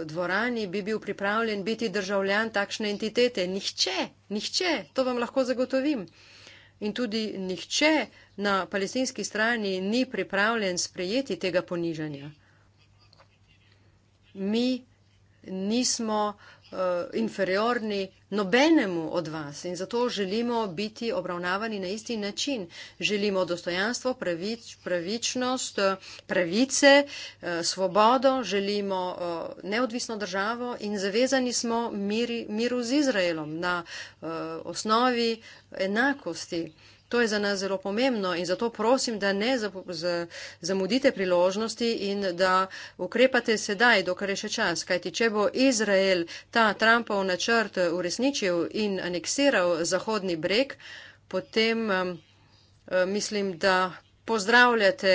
dvorani bi bil pripravljen biti državljan takšne entitete. Nihče, nihče, to vam lahko zagotovim. In tudi nihče na palestinski strani ni pripravljen sprejeti tega ponižanja. Mi nismo uh, uh, inferiorni nobenemu od vas in zato želimo biti obravnavani na isti način. Želimo dostojanstvo, pravič, pravičnost, pravice, uh, svobodo, želimo uh, neodvisno državo in zavezani smo miri, miru z Izraelom na uh, osnovi enakosti. To je za nas zelo pomembno in zato prosim, da ne zamudite priložnosti in da ukrepate sedaj, dokler je še čas. Kajti, če bo Izrael ta Trumpov načrt eh, uresničil in aneksiral Zahodni breg, potem eh, mislim, da. Pozdravljate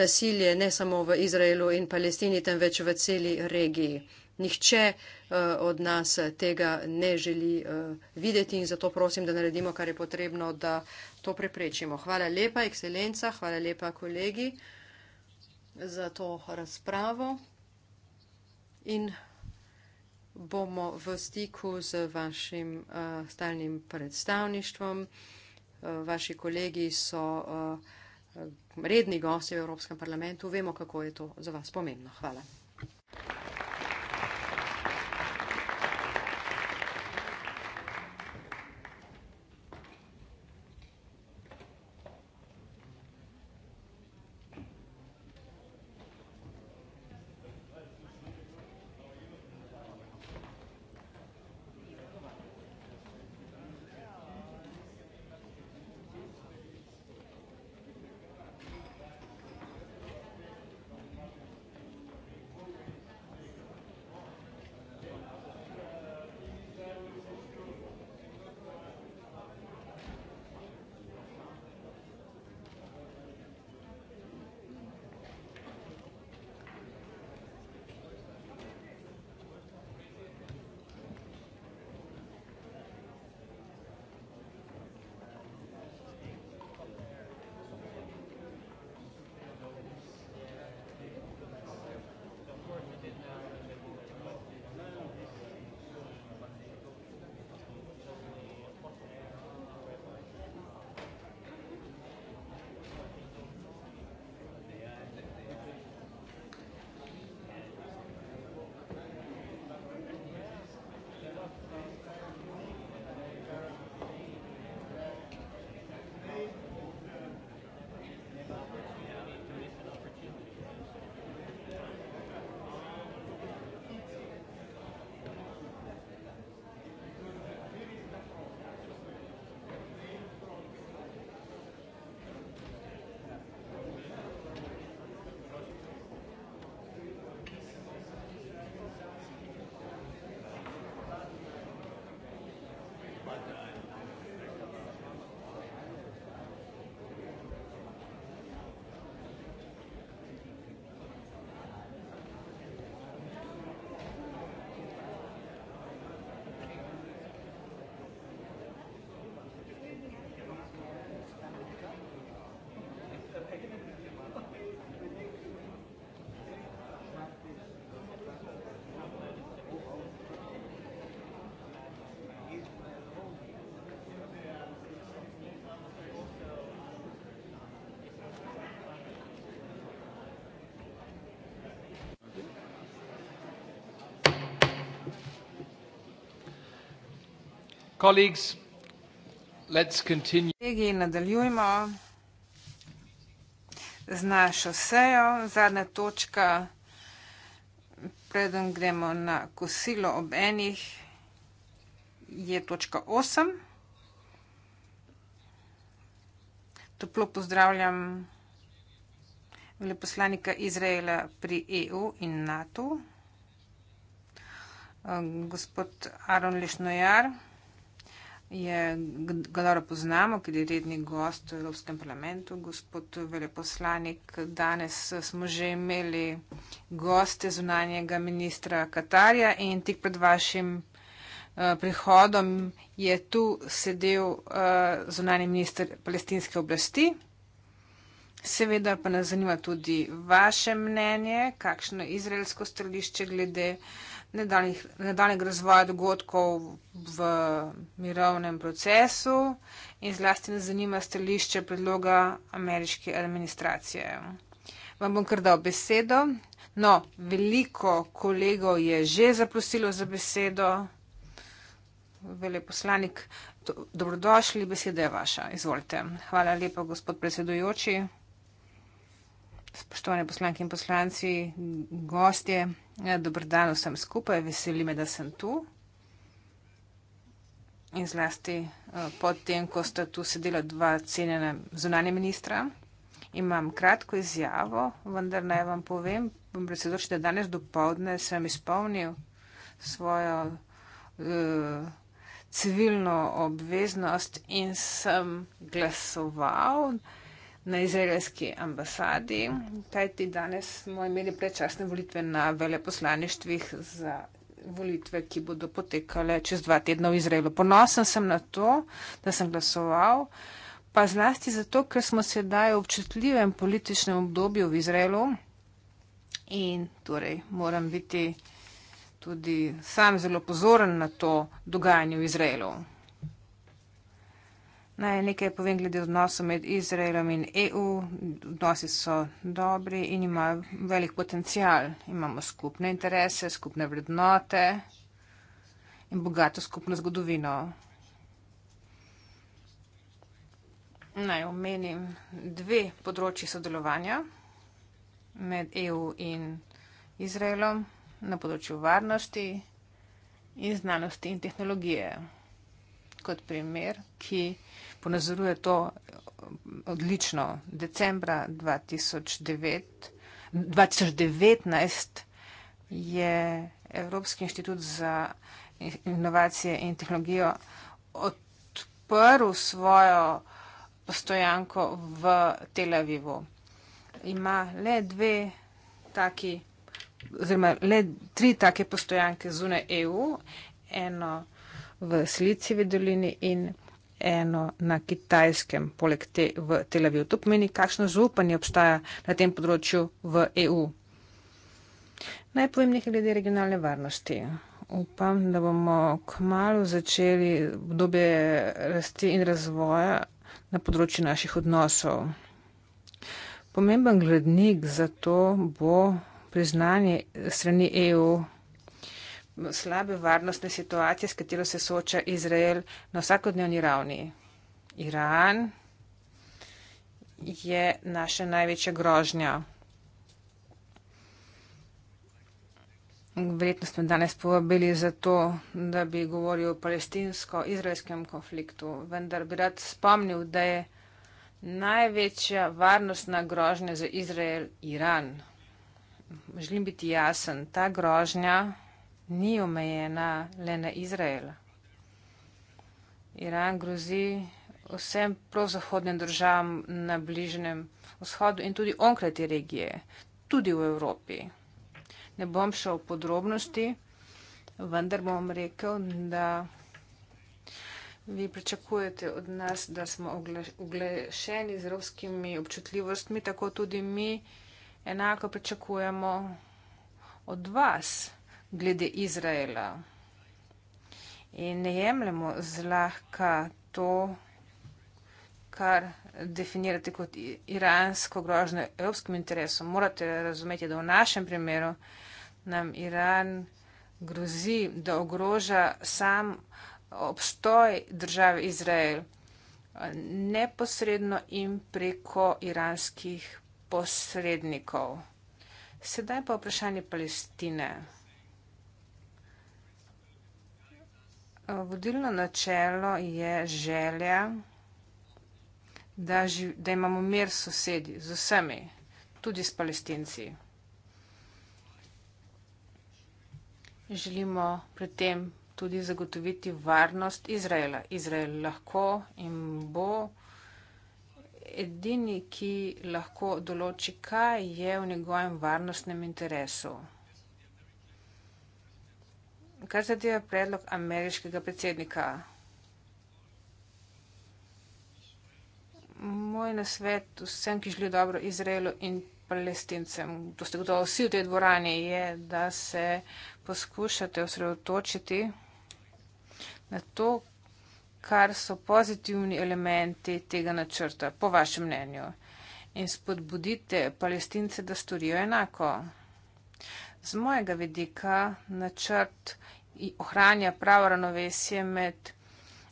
nasilje ne samo v Izraelu in Palestini, temveč v celi regiji. Nihče uh, od nas eh, tega ne želi uh, videti in zato prosim, da naredimo, kar je potrebno, da to preprečimo. Hvala lepa, ekscelenca, hvala lepa, kolegi, za to razpravo in bomo v stiku z vašim uh, stalnim predstavništvom. Uh, vaši kolegi so uh, redni gosti v Evropskem parlamentu. Vemo, kako je to za vas pomembno. Hvala. Colleagues, let's continue. Nadaljujemo z našo sejo. Zadnja točka, preden gremo na kosilo ob enih, je točka 8. Toplo pozdravljam veleposlanika Izraela pri EU in NATO, eh, gospod Aron Lešnojar je, ga dobro poznamo, ker je redni gost v Evropskem parlamentu, gospod veleposlanik. Danes smo že imeli goste zunanjega ministra Katarja in tik pred vašim eh, prihodom je tu sedel eh, zunanji minister palestinske oblasti. Seveda pa nas zanima tudi vaše mnenje, kakšno izraelsko stališče glede uh, nadaljnih, nadaljnjeg razvoja dogodkov v mirovnem procesu in zlasti nas zanima stališče predloga ameriške administracije. Vam bom kar dal besedo. No, veliko kolegov je že zaprosilo za besedo. Veleposlanik, dobrodošli, beseda je vaša. Izvolite. Hvala lepa, gospod predsedujoči. Spoštovane poslanke in poslanci, gostje. Ja, dober dan vsem skupaj, veseli me, da sem tu. In zlasti eh, potem, ko sta tu sedela dva cenjena zunanja ministra, imam kratko izjavo, vendar naj vam povem, bom predsedoči, da danes do povdne sem izpolnil svojo uh, civilno obveznost in sem glasoval na izraelski ambasadi, kajti danes smo imeli predčasne volitve na veleposlaništvih za volitve, ki bodo potekale čez dva tedna v Izraelu. Ponosen sem na to, da sem glasoval, pa zlasti zato, ker smo sedaj v občutljivem političnem obdobju v Izraelu in torej moram biti tudi sam zelo pozoren na to dogajanje v Izraelu. Naj nekaj povem glede odnosov med Izraelom in EU. Odnosi so dobri in imajo velik potencial. Imamo skupne interese, skupne vrednote in bogato skupno zgodovino. Naj omenim dve področji sodelovanja med EU in Izraelom na področju varnosti in znanosti in tehnologije kot primer, ki ponazoruje to odlično. Decembra 2009, 2019 je Evropski inštitut za inovacije in tehnologijo odprl svojo postojanko v Tel Avivu. Ima le dve taki, oziroma le tri take postojanke zune EU. Eno v Silicijevi dolini in eno na kitajskem, poleg te v Tel Avivu. To pomeni, kakšno zaupanje obstaja na tem področju v EU. Naj povem nekaj glede regionalne varnosti. Upam, da bomo kmalo začeli obdobje rasti in razvoja na področju naših odnosov. Pomemben gradnik za to bo priznanje strani EU slabe varnostne situacije, s katero se sooča Izrael na vsakodnevni ravni. Iran je naša največja grožnja. Verjetno smo danes povabili za to, da bi govoril o palestinsko-izraelskem konfliktu, vendar bi rad spomnil, da je največja varnostna grožnja za Izrael Iran. Želim biti jasen, ta grožnja ni omejena le na Izrael. Iran grozi vsem prozahodnim državam na bližnjem vzhodu in tudi onkraj te regije, tudi v Evropi. Ne bom šel v podrobnosti, vendar bom rekel, da vi pričakujete od nas, da smo oglešeni z evropskimi občutljivostmi, tako tudi mi enako pričakujemo od vas glede Izraela. In ne jemljemo zlahka to, kar definirate kot iransko grožno evropskim interesom. Morate razumeti, da v našem primeru nam Iran grozi, da ogroža sam obstoj države Izrael neposredno in preko iranskih posrednikov. Sedaj pa vprašanje Palestine. Eh, vodilno načelo je želja, da, živ, da imamo mir s sosedi, z vsemi, tudi s palestinci. Želimo pri tem tudi zagotoviti varnost Izraela. Izrael lahko in bo edini, ki lahko določi, kaj je v njegovem varnostnem interesu kar zadeva predlog ameriškega predsednika. Moj nasvet vsem, ki želijo dobro Izraelu in palestincem, to ste gotovo vsi v tej dvorani, je, da se poskušate osredotočiti na to, kar so pozitivni elementi tega načrta, po vašem mnenju, in spodbudite palestince, da storijo enako z mojega vidika načrt ohranja pravo ravnovesje med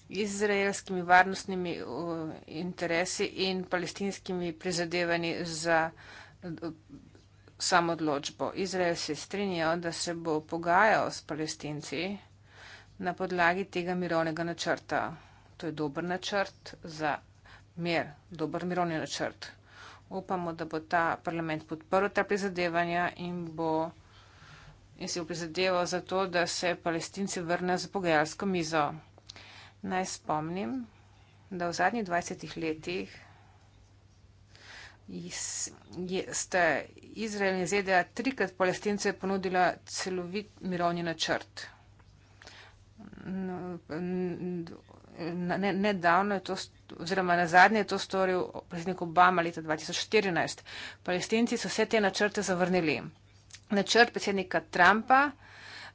izraelskimi varnostnimi uh, interesi in palestinskimi prizadevanji za uh, samodločbo. Izrael se strinja, da se bo pogajal s palestinci na podlagi tega mirovnega načrta. To je dober načrt za mir, dober mirovni načrt. Upamo, da bo ta parlament podprl ta prizadevanja in bo in si prizadeval za to, da se palestinci vrne za pogajalsko mizo. Naj spomnim, da v zadnjih 20 letih ste Izrael in ZDA trikrat palestince ponudila celovit mirovni načrt. Nedavno je to, oziroma na zadnje je to storil predsednik Obama leta 2014. Palestinci so vse te načrte zavrnili. Načrt predsednika Trumpa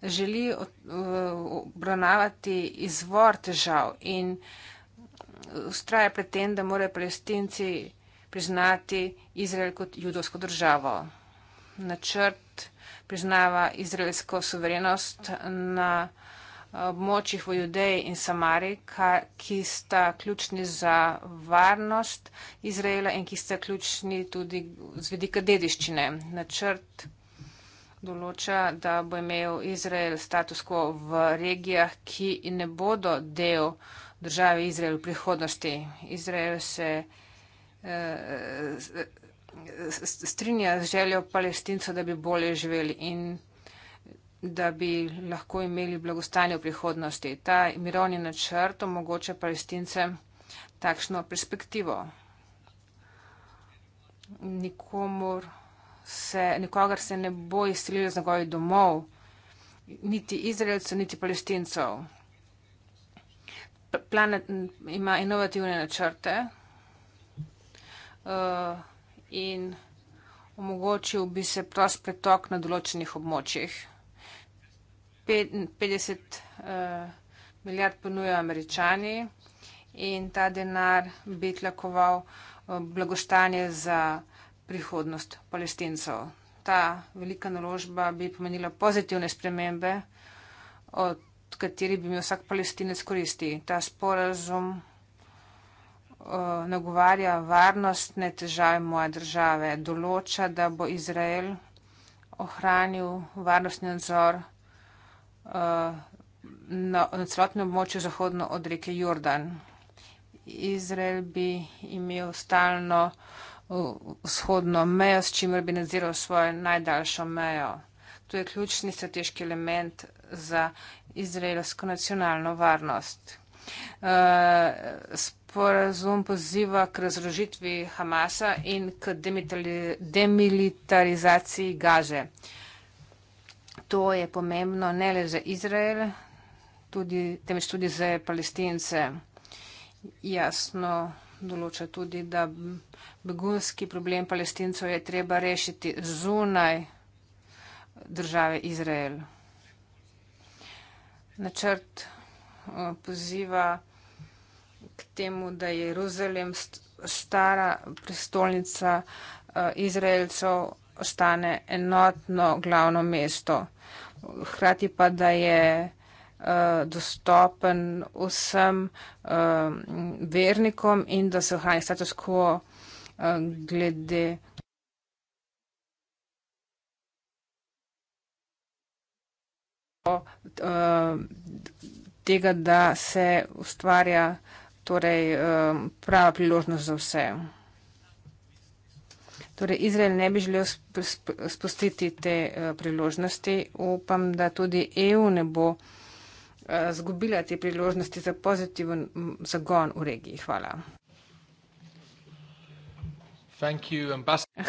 želi uh, obravnavati izvor težav in ustraja pred tem, da morajo palestinci priznati Izrael kot judovsko državo. Načrt priznava izraelsko suverenost na območjih v Judeji in Samari, ki sta ključni za varnost Izraela in ki sta ključni tudi z vidika dediščine. Načrt določa, da bo imel Izrael status quo v regijah, ki ne bodo del države Izrael v prihodnosti. Izrael se eh, strinja z željo palestincev, da bi bolje živeli in da bi lahko imeli blagostanje v prihodnosti. Ta mirovni načrt omogoča palestincem takšno perspektivo. Nikomor se, nikogar se ne bo izselil z njegovi domov, niti izraelcev, niti palestincev. Planet ima inovativne načrte uh, in omogočil bi se prost pretok na določenih območjih. 50 uh, eh, milijard ponujajo američani in ta denar bi tlakoval uh, blagostanje za prihodnost palestincev. Ta velika naložba bi pomenila pozitivne spremembe, od katerih bi imel vsak palestinec koristi. Ta sporazum eh, nagovarja varnostne težave moje države, določa, da bo Izrael ohranil varnostni nadzor eh, na, na celotnem območju zahodno od reke Jordan. Izrael bi imel stalno uh, vzhodno mejo, s čimer bi nadziral svojo najdaljšo mejo. To je ključni strateški element za izraelsko nacionalno varnost. Eh, sporazum poziva k razložitvi Hamasa in k demilitarizaciji gaze. To je pomembno ne le za Izrael, tudi, temveč tudi za palestince. Jasno določa tudi, da begunski problem palestincev je treba rešiti zunaj države Izrael. Načrt eh, poziva k temu, da je Jeruzalem stara prestolnica eh, Izraelcev ostane enotno glavno mesto. Hrati pa, da je Eh, dostopen vsem uh, vernikom in da se ohrani status quo uh, glede. tega, da se ustvarja torej, prava priložnost za vse. Torej, Izrael ne bi želel spustiti te priložnosti. Upam, da tudi EU ne bo Eh, zgubila te priložnosti za pozitiven zagon v regiji. Hvala.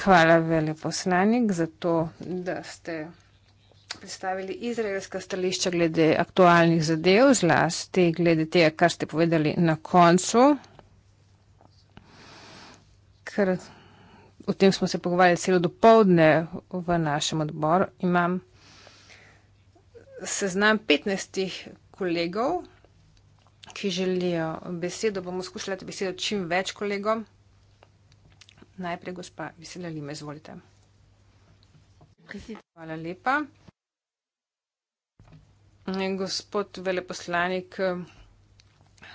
Hvala veleposlanik za to, da ste predstavili izraelska stališča glede aktualnih zadev, zlasti glede tega, kar ste povedali na koncu. Ker o tem smo se pogovarjali celo do povdne v našem odboru, imam seznam 15 kolegov, ki želijo besedo. Bomo skušali dati besedo čim več kolegom. Najprej, gospa Vesela Lime, izvolite. Hvala lepa. Gospod veleposlanik,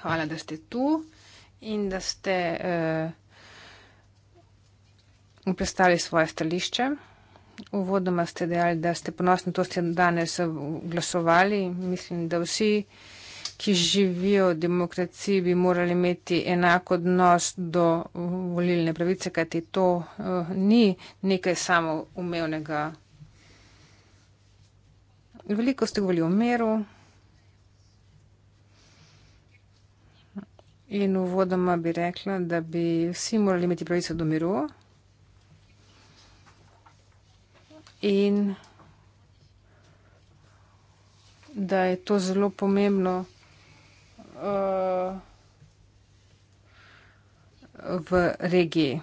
hvala, da ste tu in da ste uh, predstavili svoje stališče. Uvodoma ste dejali, da ste ponosni, to ste danes glasovali. Mislim, da vsi, ki živijo v demokraciji, bi morali imeti enako odnos do volilne pravice, kajti to uh, ni nekaj samoumevnega. Veliko ste govorili o meru. In uvodoma bi rekla, da bi vsi morali imeti pravico do miru. in da je to zelo pomembno uh, v regiji.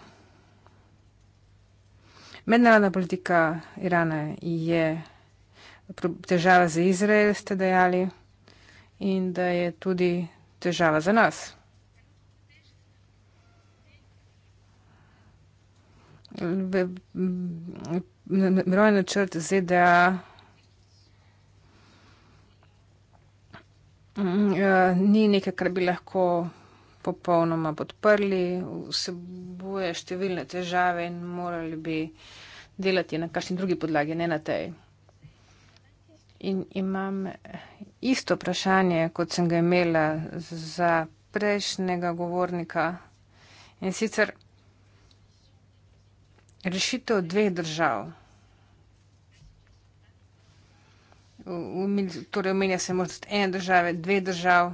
Mednarodna politika Irana je težava za Izrael, ste dejali, in da je tudi težava za nas. Mirovni načrt ZDA. Mm, ja, ni nekaj, kar bi lahko popolnoma podprli, vsebuje številne težave in morali bi delati na kakšni drugi podlagi, ne na tej. In imam isto vprašanje, kot sem ga imela za prejšnjega govornika. In sicer rešitev dveh držav. Torej, omenja se možnost ene države, dveh držav.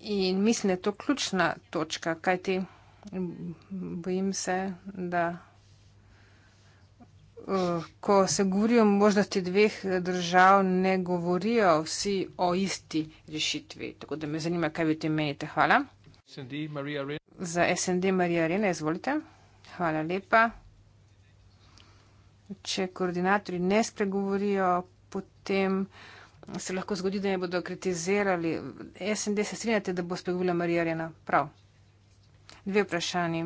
In mislim, da je to ključna točka, kajti bojim se, da eh, ko se govorijo o možnosti dveh držav, ne govorijo vsi o isti rešitvi. Tako da me zanima, kaj vi o tem menite. Hvala. SND, Za SND Marija Arena, izvolite. Hvala lepa. Če koordinatorji ne spregovorijo, potem se lahko zgodi, da jih bodo kritizirali. SND se strinjate, da bo spregovorila Marija Rena? Prav. Dve vprašanji.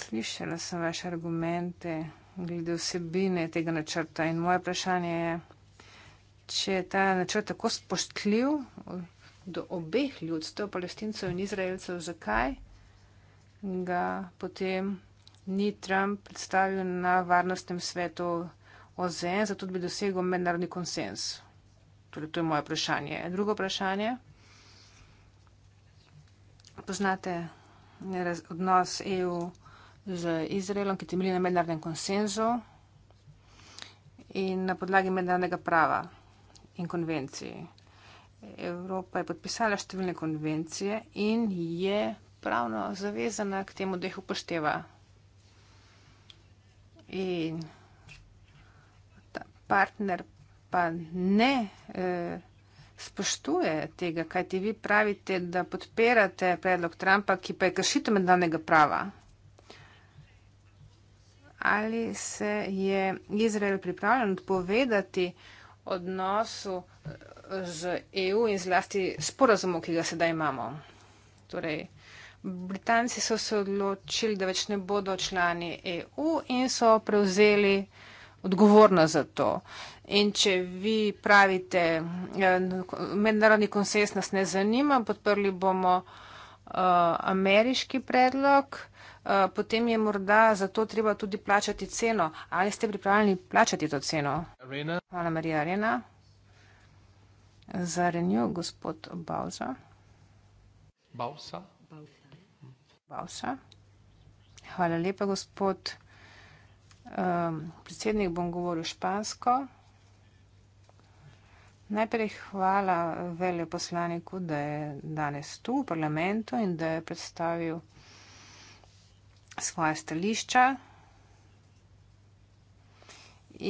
Slišala sem vaše argumente glede vsebine tega načrta in moje vprašanje je, če je ta načrt tako spoštljiv do obeh ljudstv, palestincev in izraelcev, zakaj? ga potem ni Trump predstavil na varnostnem svetu OZN, zato bi dosegel mednarodni konsens. Torej, to je moje vprašanje. Drugo vprašanje. Poznate odnos EU z Izraelom, ki temelji na mednarodnem konsenzu in na podlagi mednarodnega prava in konvencij. Evropa je podpisala številne konvencije in je pravno zavezana k temu, da jih upošteva. In ta partner pa ne eh, spoštuje tega, kaj ti vi pravite, da podpirate predlog Trumpa, ki pa je kršitev mednarodnega prava. Ali se je Izrael pripravljen odpovedati odnosu eh, z EU in zlasti sporazumu, ki ga sedaj imamo? Torej, Britanci so se odločili, da več ne bodo člani EU in so prevzeli odgovornost za to. In če vi pravite, ja, mednarodni konsens nas ne zanima, podprli bomo uh, ameriški predlog, uh, potem je morda za to treba tudi plačati ceno. Ali ste pripravljeni plačati to ceno? Arena. Hvala, Marija Arena. Za Renju, gospod Bauza. Bauza. Bauza. Bavša. Hvala lepa, gospod um, predsednik. Bom govoril špansko. Najprej hvala veleposlaniku, da je danes tu v parlamentu in da je predstavil svoje stališča.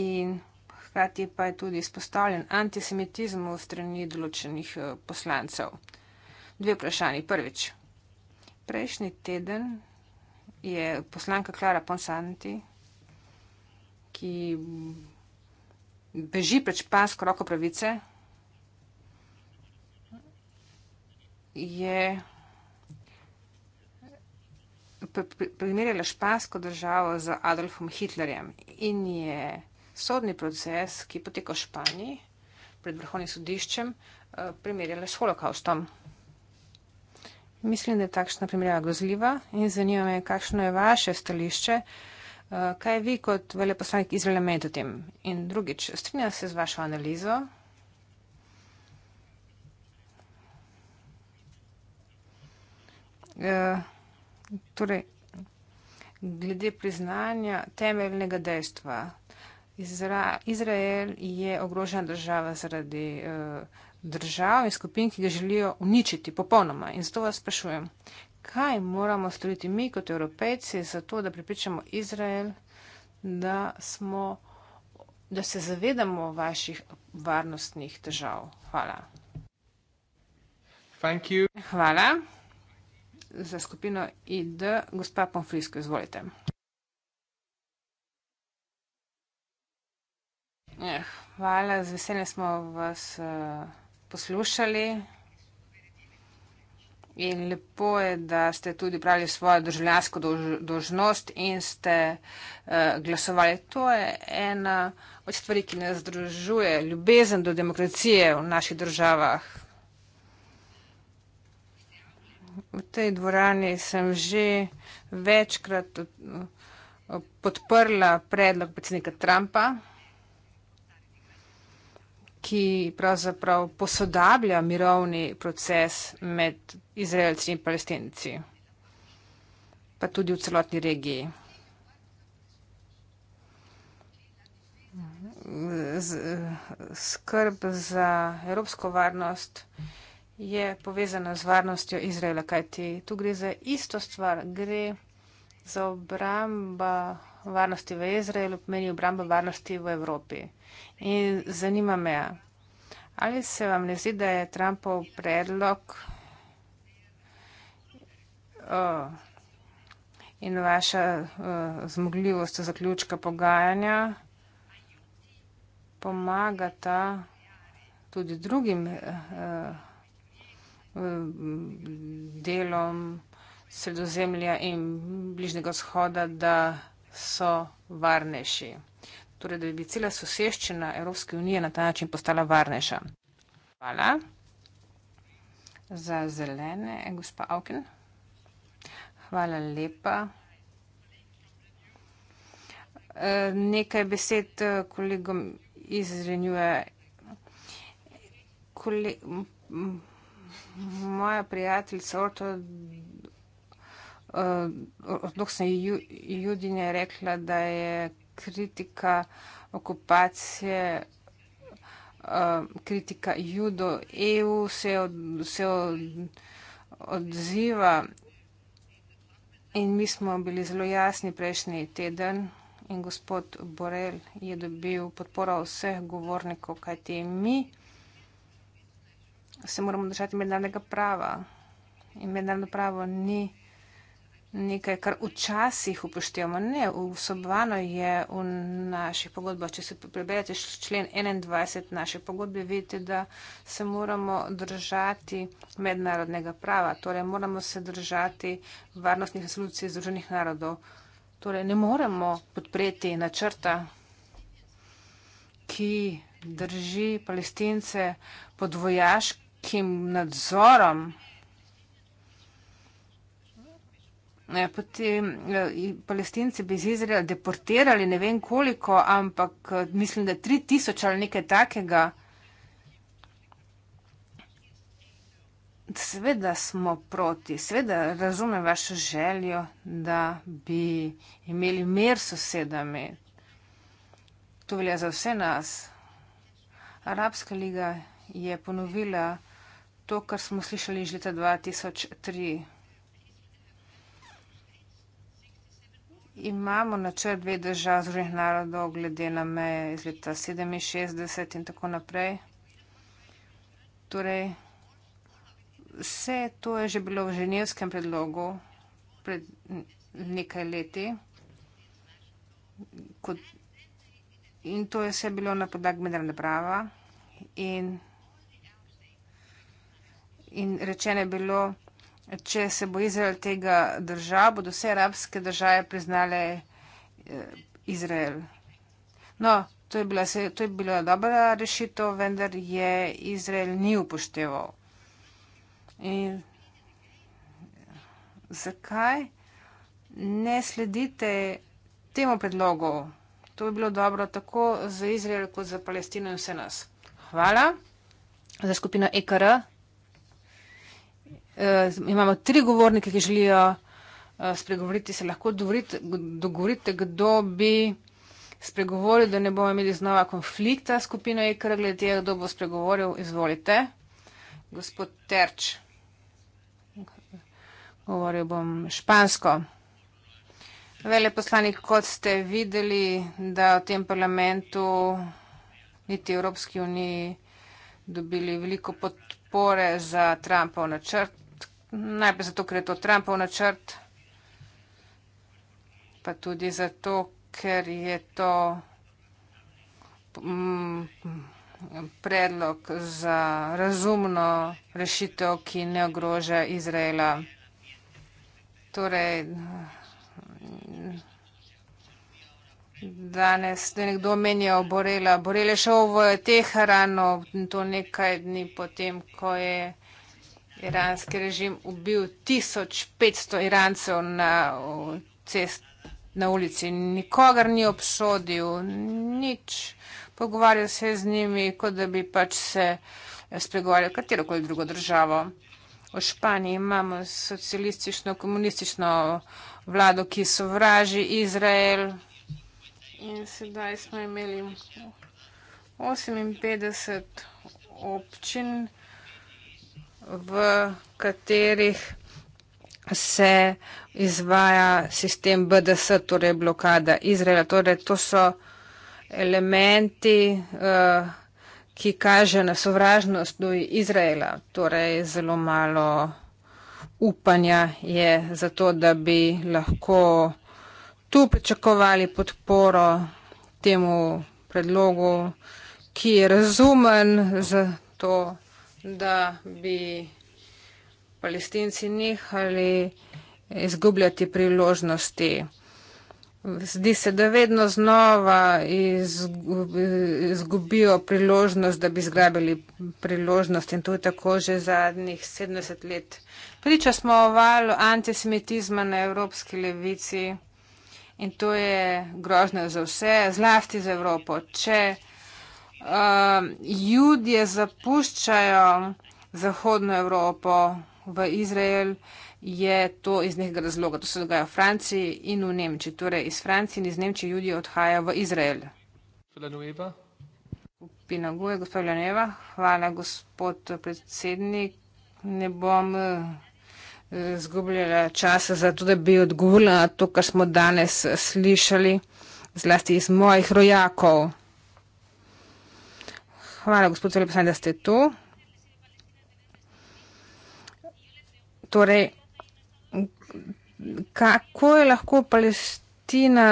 In hkrati pa je tudi izpostavljen antisemitizem v strani določenih eh, poslancev. Dve vprašanji. Prvič prejšnji teden je poslanka Klara Ponsanti, ki beži pred špansko roko pravice, je primerjala špansko državo z Adolfom Hitlerjem in je sodni proces, ki poteka v Španiji pred vrhovnim sodiščem, eh, primerjala s holokaustom. Mislim, da je takšna primerjava grozljiva in zanima me, kakšno je vaše stališče, eh, kaj vi kot veleposlanik Izraela menite o tem. In drugič, strinja se z vašo analizo. Eh, torej, glede priznanja temeljnega dejstva, Izrael je ogrožena država zaradi uh, držav in skupin, ki ga želijo uničiti popolnoma. In zato vas sprašujem, kaj moramo storiti mi kot evropejci za to, da pripričamo Izrael, da, smo, da se zavedamo vaših varnostnih težav. Hvala. Hvala. Za skupino ID, gospa Pomfrisko, izvolite. Eh, hvala, z veseljem smo vas. Uh, poslušali. In lepo je, da ste tudi pravili svojo državljansko dož, dožnost in ste uh, glasovali. To je ena od stvari, ki nas združuje, ljubezen do demokracije v naših državah. V tej dvorani sem že večkrat eh, podprla predlog predsednika Trumpa ki pravzaprav posodablja mirovni proces med Izraelci in palestinci, pa tudi v celotni regiji. Skrb za evropsko varnost je povezana z varnostjo Izraela, kajti tu gre za isto stvar, gre za obramba varnosti v Izraelu pomeni obramba varnosti v Evropi. In zanima me, ali se vam ne zdi, da je Trumpov predlog eh, in vaša eh, zmogljivost zaključka pogajanja pomagata tudi drugim eh, delom sredozemlja in bližnjega shoda, da so varnejši. Torej, da bi cela soseščina Evropske unije na ta način postala varnejša. Hvala za zelene, gospa Auken. Hvala lepa. E, nekaj besed e, kolegom izrenjuje. Kole... Moja prijateljica Orto dok sem Judinja rekla da je kritika okupacije eh, kritika judo EU se, od, se od, odziva in mi smo bili zelo jasni prejšnji teden in gospod Borel je dobil podporo vseh govornikov, kajti mi se moramo držati mednarodnega prava in mednarodno pravo ni nekaj, kar včasih upoštevamo. Ne, vsobano je v naših pogodbah. Če se preberete člen 21 naše pogodbe, vidite, da se moramo držati mednarodnega prava, torej moramo se držati varnostnih resolucij Združenih narodov. Torej ne moremo podpreti načrta, ki drži palestince pod vojaškim nadzorom Potem eh, palestinci bi iz Izraela deportirali ne vem koliko, ampak eh, mislim, da 3000 ali nekaj takega. Sveda smo proti, sveda razumem vašo željo, da bi imeli mer s sosedami. To velja za vse nas. Arabska liga je ponovila to, kar smo slišali že leta 2003. imamo načrt dveh držav Združenih narodov glede na meje iz leta 67 in tako naprej. Torej, vse to je že bilo v ženevskem predlogu pred nekaj leti kot, in to je vse bilo na podlagi mednarodne prava in, in rečeno je bilo, Če se bo Izrael tega držal, bodo vse arabske države priznale eh, Izrael. No, to je bila, to je bila dobra rešitev, vendar je Izrael ni upošteval. In zakaj ne sledite temu predlogu? To bi bilo dobro tako za Izrael, kot za Palestino in vse nas. Hvala za skupino EKR. Eh, imamo tri govornike, ki želijo eh, spregovoriti, se lahko dogovorite, dogovorite kdo bi spregovoril, da ne bomo imeli znova konflikta skupino IKR, e glede tega, kdo bo spregovoril, izvolite. Gospod Terč. Govoril bom špansko. Vele poslani, kot ste videli, da v tem parlamentu niti Evropski uniji dobili veliko podpore za Trumpov načrt, najprej zato, ker je to Trumpov načrt, pa tudi zato, ker je to mm, predlog za razumno rešitev, ki ne ogroža Izraela. Torej, danes je nekdo menjal Borela. Borel je šel v Teheranu, to nekaj dni potem, ko je iranski režim ubil 1500 Irancev na, cest, na ulici. Nikogar ni obsodil, nič. Pogovarjal se je z njimi, kot da bi pač se eh, spregovarjal katero koli drugo državo. V Španiji imamo socialistično, komunistično vlado, ki sovraži Izrael. In sedaj smo imeli 58 občin v katerih se izvaja sistem BDS, torej blokada Izraela. Torej, to so elementi, eh, ki kaže na sovražnost do Izraela. Torej, zelo malo upanja je za to, da bi lahko tu pričakovali podporo temu predlogu, ki je razumen za to da bi palestinci nehali izgubljati priložnosti. Zdi se, da vedno znova izgubijo priložnost, da bi zgrabili priložnost in to je tako že zadnjih 70 let. Priča smo o valu antisemitizma na evropski levici in to je grožno za vse, zlasti za Evropo. Če ljudje um, zapuščajo Zahodno Evropo v Izrael, je to iz nekega razloga. To se dogaja v Franciji in v Nemčiji. Torej iz Francije in iz Nemčije ljudje odhajajo v Izrael. Pinaguje, gospod Ljaneva. Hvala, gospod predsednik. Ne bom eh, zgubljala časa za to, da bi odgovorila na to, kar smo danes slišali, zlasti iz mojih rojakov. Hvala, gospod Veleposlanik, da ste tu. Torej, kako je lahko Palestina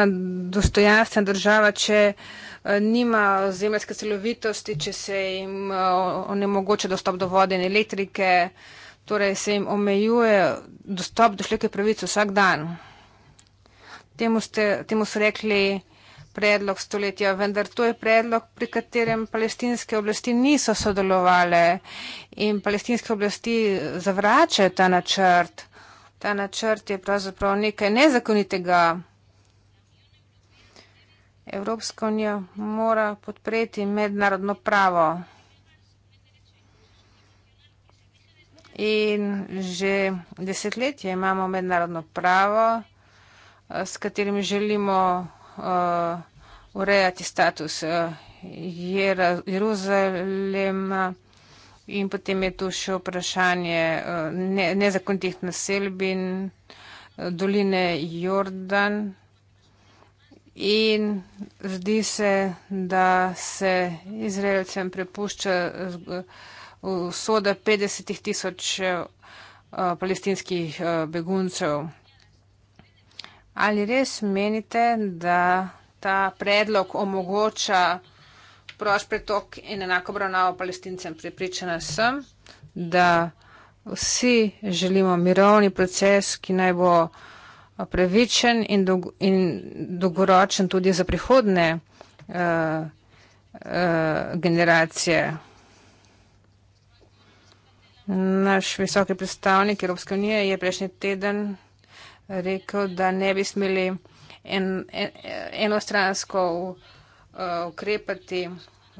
dostojanstvena država, če eh, nima zemljske celovitosti, če se jim eh, onemogoča dostop do vode in elektrike, torej se jim omejuje dostop do šleke pravice vsak dan? Temu, ste, temu so rekli, predlog stoletja, vendar to je predlog, pri katerem palestinske oblasti niso sodelovale in palestinske oblasti zavračajo ta načrt. Ta načrt je pravzaprav nekaj nezakonitega. Evropska unija mora podpreti mednarodno pravo. In že desetletje imamo mednarodno pravo, s katerim želimo uh, urejati status uh, Jer Jeruzalema uh, in potem je tu še vprašanje uh, ne nezakonitih naselbin uh, doline Jordan. In zdi se, da se Izraelcem prepušča uh, usoda 50 tisoč uh, palestinskih beguncev. Ali res menite, da ta predlog omogoča prost pretok in enako obravnavo palestincem? Pripričana sem, da vsi želimo mirovni proces, ki naj bo pravičen in, dolg, in dolgoročen tudi za prihodne uh, eh, uh, eh, generacije. Naš visoki predstavnik Evropske unije je prejšnji teden rekel, da ne bi smeli en, en, enostransko eh, ukrepati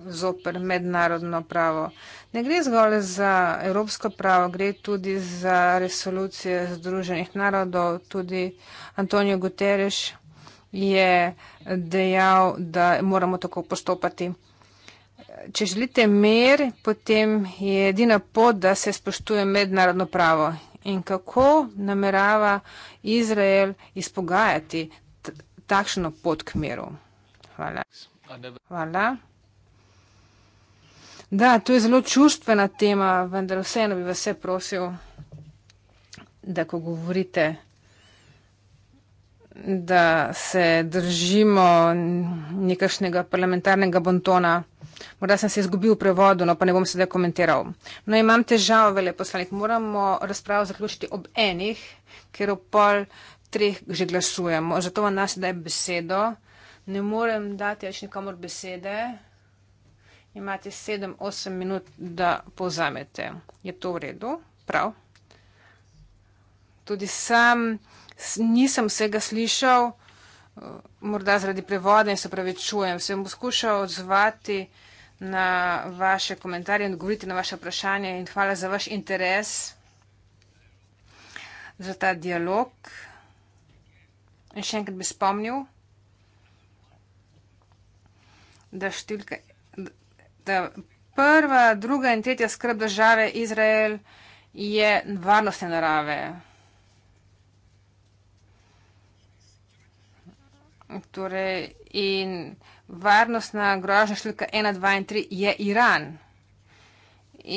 zoper mednarodno pravo. Ne gre zgolj za evropsko pravo, gre tudi za resolucije Združenih narodov. Tudi Antonijo Guterres je dejal, da moramo tako postopati. Če želite mer, potem je edina pot, da se spoštuje mednarodno pravo in kako namerava Izrael izpogajati takšno pot k miru. Hvala. Hvala. Da, to je zelo čustvena tema, vendar vseeno bi vas vse prosil, da ko govorite da se držimo nekašnega parlamentarnega bontona. Morda sem se izgubil v prevodu, no pa ne bom sedaj komentiral. No, imam težavo, veleposlanik, moramo razpravo zaključiti ob enih, ker ob pol treh že glasujemo. Zato vam nas daj besedo. Ne morem dati več nikomor besede. Imate 7-8 minut, da povzamete. Je to v redu? Prav. Tudi sam nisem vsega slišal, eh, morda zaradi prevoda in se pravi čujem. Sem poskušal odzvati na vaše komentarje in odgovoriti na vaše vprašanje in hvala za vaš interes, za ta dialog. In še enkrat bi spomnil, da številka, da prva, druga in tretja skrb države Izrael je varnostne narave. Torej, in varnostna grožnja številka 1, 2 in 3 je Iran.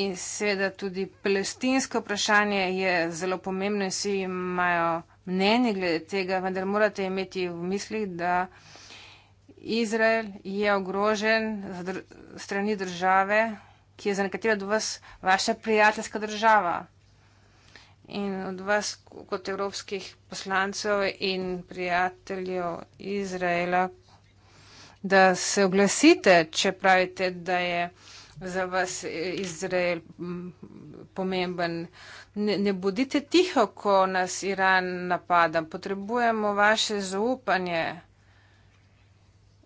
In seveda tudi palestinsko vprašanje je zelo pomembno in vsi imajo mnenje glede tega, vendar morate imeti v mislih, da Izrael je ogrožen str strani države, ki je za nekatere od vas vaša prijateljska država in od vas kot evropskih poslancev in prijateljev Izraela, da se oglasite, če pravite, da je za vas Izrael pomemben. Ne, ne bodite tiho, ko nas Iran napada. Potrebujemo vaše zaupanje.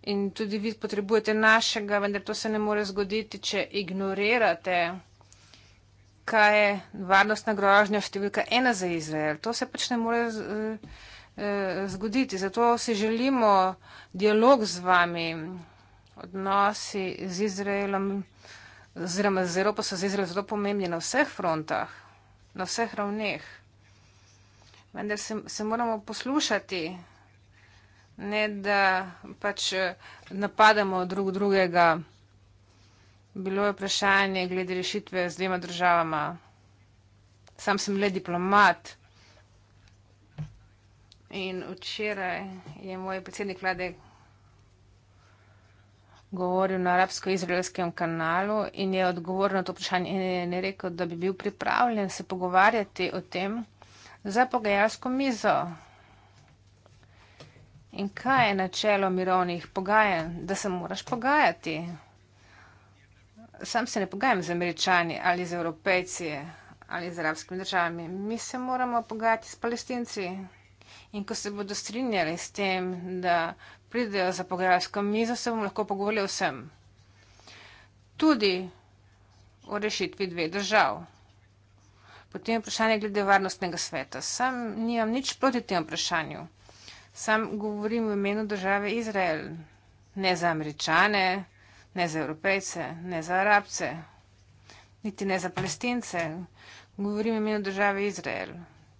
In tudi vi potrebujete našega, vendar to se ne more zgoditi, če ignorirate kaj je varnostna grožnja številka ena za Izrael. To se pač ne more eh, eh, zgoditi. Zato si želimo dialog z vami, odnosi z Izraelom, oziroma z Evropo so z Izraelom zelo pomembni na vseh frontah, na vseh ravneh. Vendar se, se moramo poslušati, ne da pač eh, napademo drug drugega. Bilo je vprašanje glede rešitve z dvema državama. Sam sem le diplomat. In včeraj je moj predsednik vlade govoril na arabsko-izraelskem kanalu in je odgovoril na to vprašanje in je rekel, da bi bil pripravljen se pogovarjati o tem za pogajalsko mizo. In kaj je načelo mirovnih pogajanj? Da se moraš pogajati. Sam se ne pogajam z američani ali z evropejci ali z arabskimi državami. Mi se moramo pogajati s palestinci. In ko se bodo strinjali s tem, da pridejo za pogajalsko mizo, se bomo lahko pogovorili vsem. Tudi o rešitvi dveh držav. Potem je vprašanje glede varnostnega sveta. Sam nimam nič proti tem vprašanju. Sam govorim v imenu države Izrael, ne za američane, ne za evropejce, ne za arabce, niti ne za palestince. Govorim imenu države Izrael.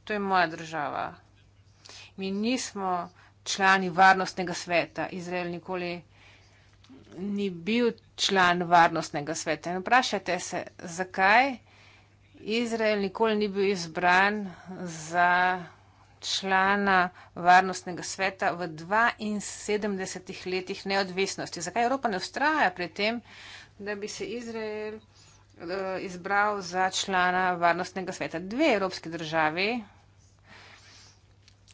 To je moja država. Mi nismo člani varnostnega sveta. Izrael nikoli ni bil član varnostnega sveta. In vprašajte se, zakaj Izrael nikoli ni bil izbran za člana varnostnega sveta v 72 letih neodvisnosti. Zakaj Evropa ne ustraja pri tem, da bi se Izrael eh, izbral za člana varnostnega sveta? Dve evropski državi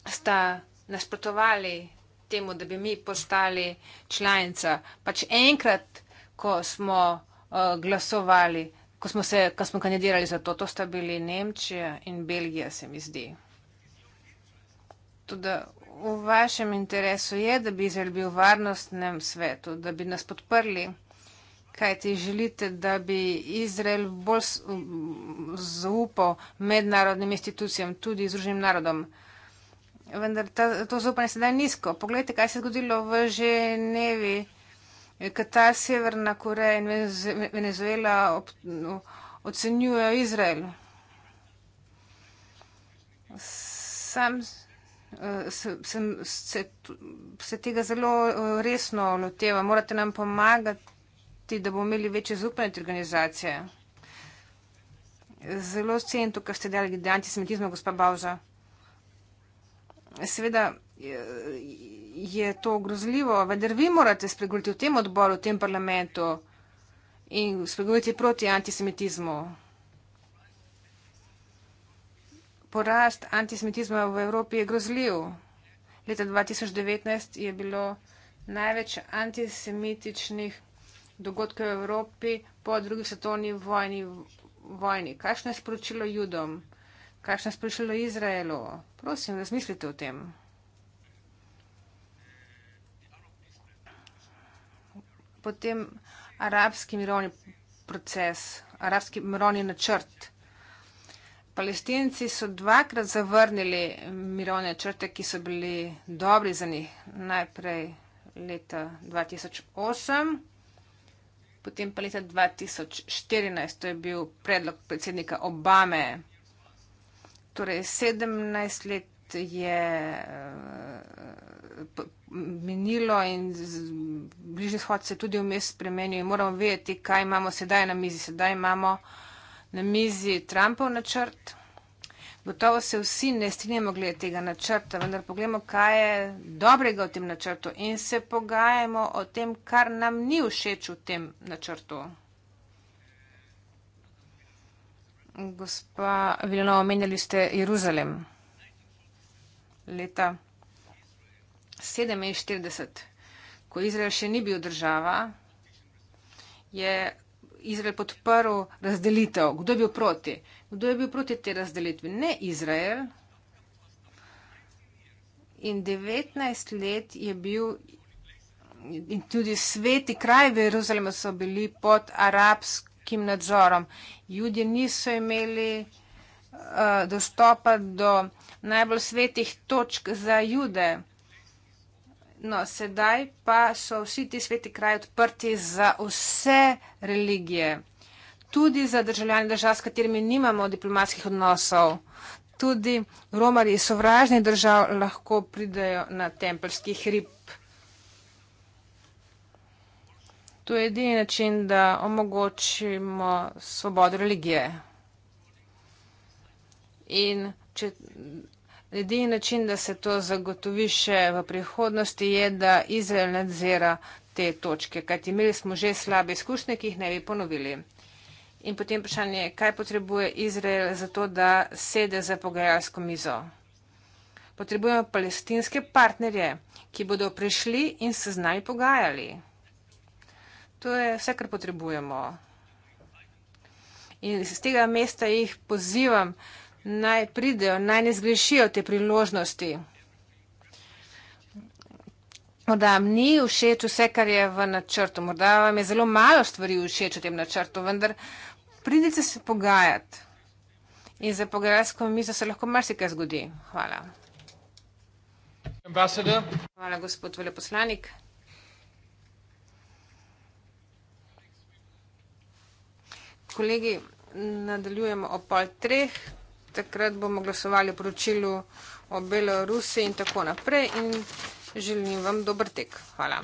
sta nasprotovali temu, da bi mi postali članica. Pač enkrat, ko smo eh, glasovali, ko smo, se, ko smo kandidirali za to, to sta bili Nemčija in Belgija, se mi zdi. Tudi v vašem interesu je, da bi Izrael bil v varnostnem svetu, da bi nas podprli, kaj ti želite, da bi Izrael bolj zaupal mednarodnim institucijam, tudi Združenim narodom. Vendar ta, to zaupanje sedaj nizko. Poglejte, kaj se je zgodilo v Ženevi. Katar, Severna Koreja in Venezuela no, ocenjujejo Izrael. Sam Eh, se, se, se tega zelo eh, resno loteva. Morate nam pomagati, da bomo imeli večje zupanje te organizacije. Zelo cenim to, kar ste delali glede antisemitizma, gospa Bauza. Seveda eh, je to grozljivo, vendar vi morate spregovoriti v tem odboru, v tem parlamentu in spregovoriti proti antisemitizmu. porast antisemitizma v Evropi je grozljiv. Leta 2019 je bilo največ antisemitičnih dogodkov v Evropi po drugi svetovni vojni. vojni. Kakšno je sporočilo judom? Kakšno je sporočilo Izraelu? Prosim, razmislite o tem. Potem arabski mirovni proces, arabski mirovni načrt. Palestinci so dvakrat zavrnili mirovne črte, ki so bili dobri za njih. Najprej leta 2008, potem pa leta 2014, to je bil predlog predsednika Obame. Torej, 17 let je eh, minilo in bližnji shod se tudi vmes spremenil in moramo vedeti, kaj imamo sedaj na mizi. Sedaj imamo na mizi Trumpov načrt. Gotovo se vsi ne strinjamo glede tega načrta, vendar pogledamo, kaj je dobrega v tem načrtu in se pogajamo o tem, kar nam ni všeč v tem načrtu. Gospa Vilanova, omenjali ste Jeruzalem leta 1947, ko Izrael še ni bil država, je Izrael podprl razdelitev. Kdo je bil proti? Kdo je bil proti te razdelitvi? Ne Izrael. In 19 let je bil in tudi sveti kraj v Jeruzalemu so bili pod arabskim nadzorom. Ljudje niso imeli uh, dostopa do najbolj svetih točk za jude. No, sedaj pa so vsi ti sveti kraji odprti za vse religije, tudi za državljane držav, s katerimi nimamo diplomatskih odnosov. Tudi romari sovražnih držav lahko pridejo na tempeljski hrib. To je edini način, da omogočimo svobodo religije. In če Edini način, da se to zagotovi še v prihodnosti, je, da Izrael nadzira te točke, kajti imeli smo že slabe izkušnje, ki jih ne bi ponovili. In potem vprašanje, kaj potrebuje Izrael za to, da sede za pogajalsko mizo? Potrebujemo palestinske partnerje, ki bodo prišli in se z nami pogajali. To je vse, kar potrebujemo. In z tega mesta jih pozivam, da naj pridejo, naj ne zgrešijo te priložnosti. Morda vam ni všeč vse, kar je v načrtu, morda vam je zelo malo stvari všeč v tem načrtu, vendar pridite se pogajati in za pogajalsko mizo se lahko marsikaj zgodi. Hvala. Hvala, gospod veleposlanik. Kolegi, nadaljujemo ob pol treh takrat bomo glasovali o poročilu o Belorusi in tako naprej in želim vam dober tek. Hvala.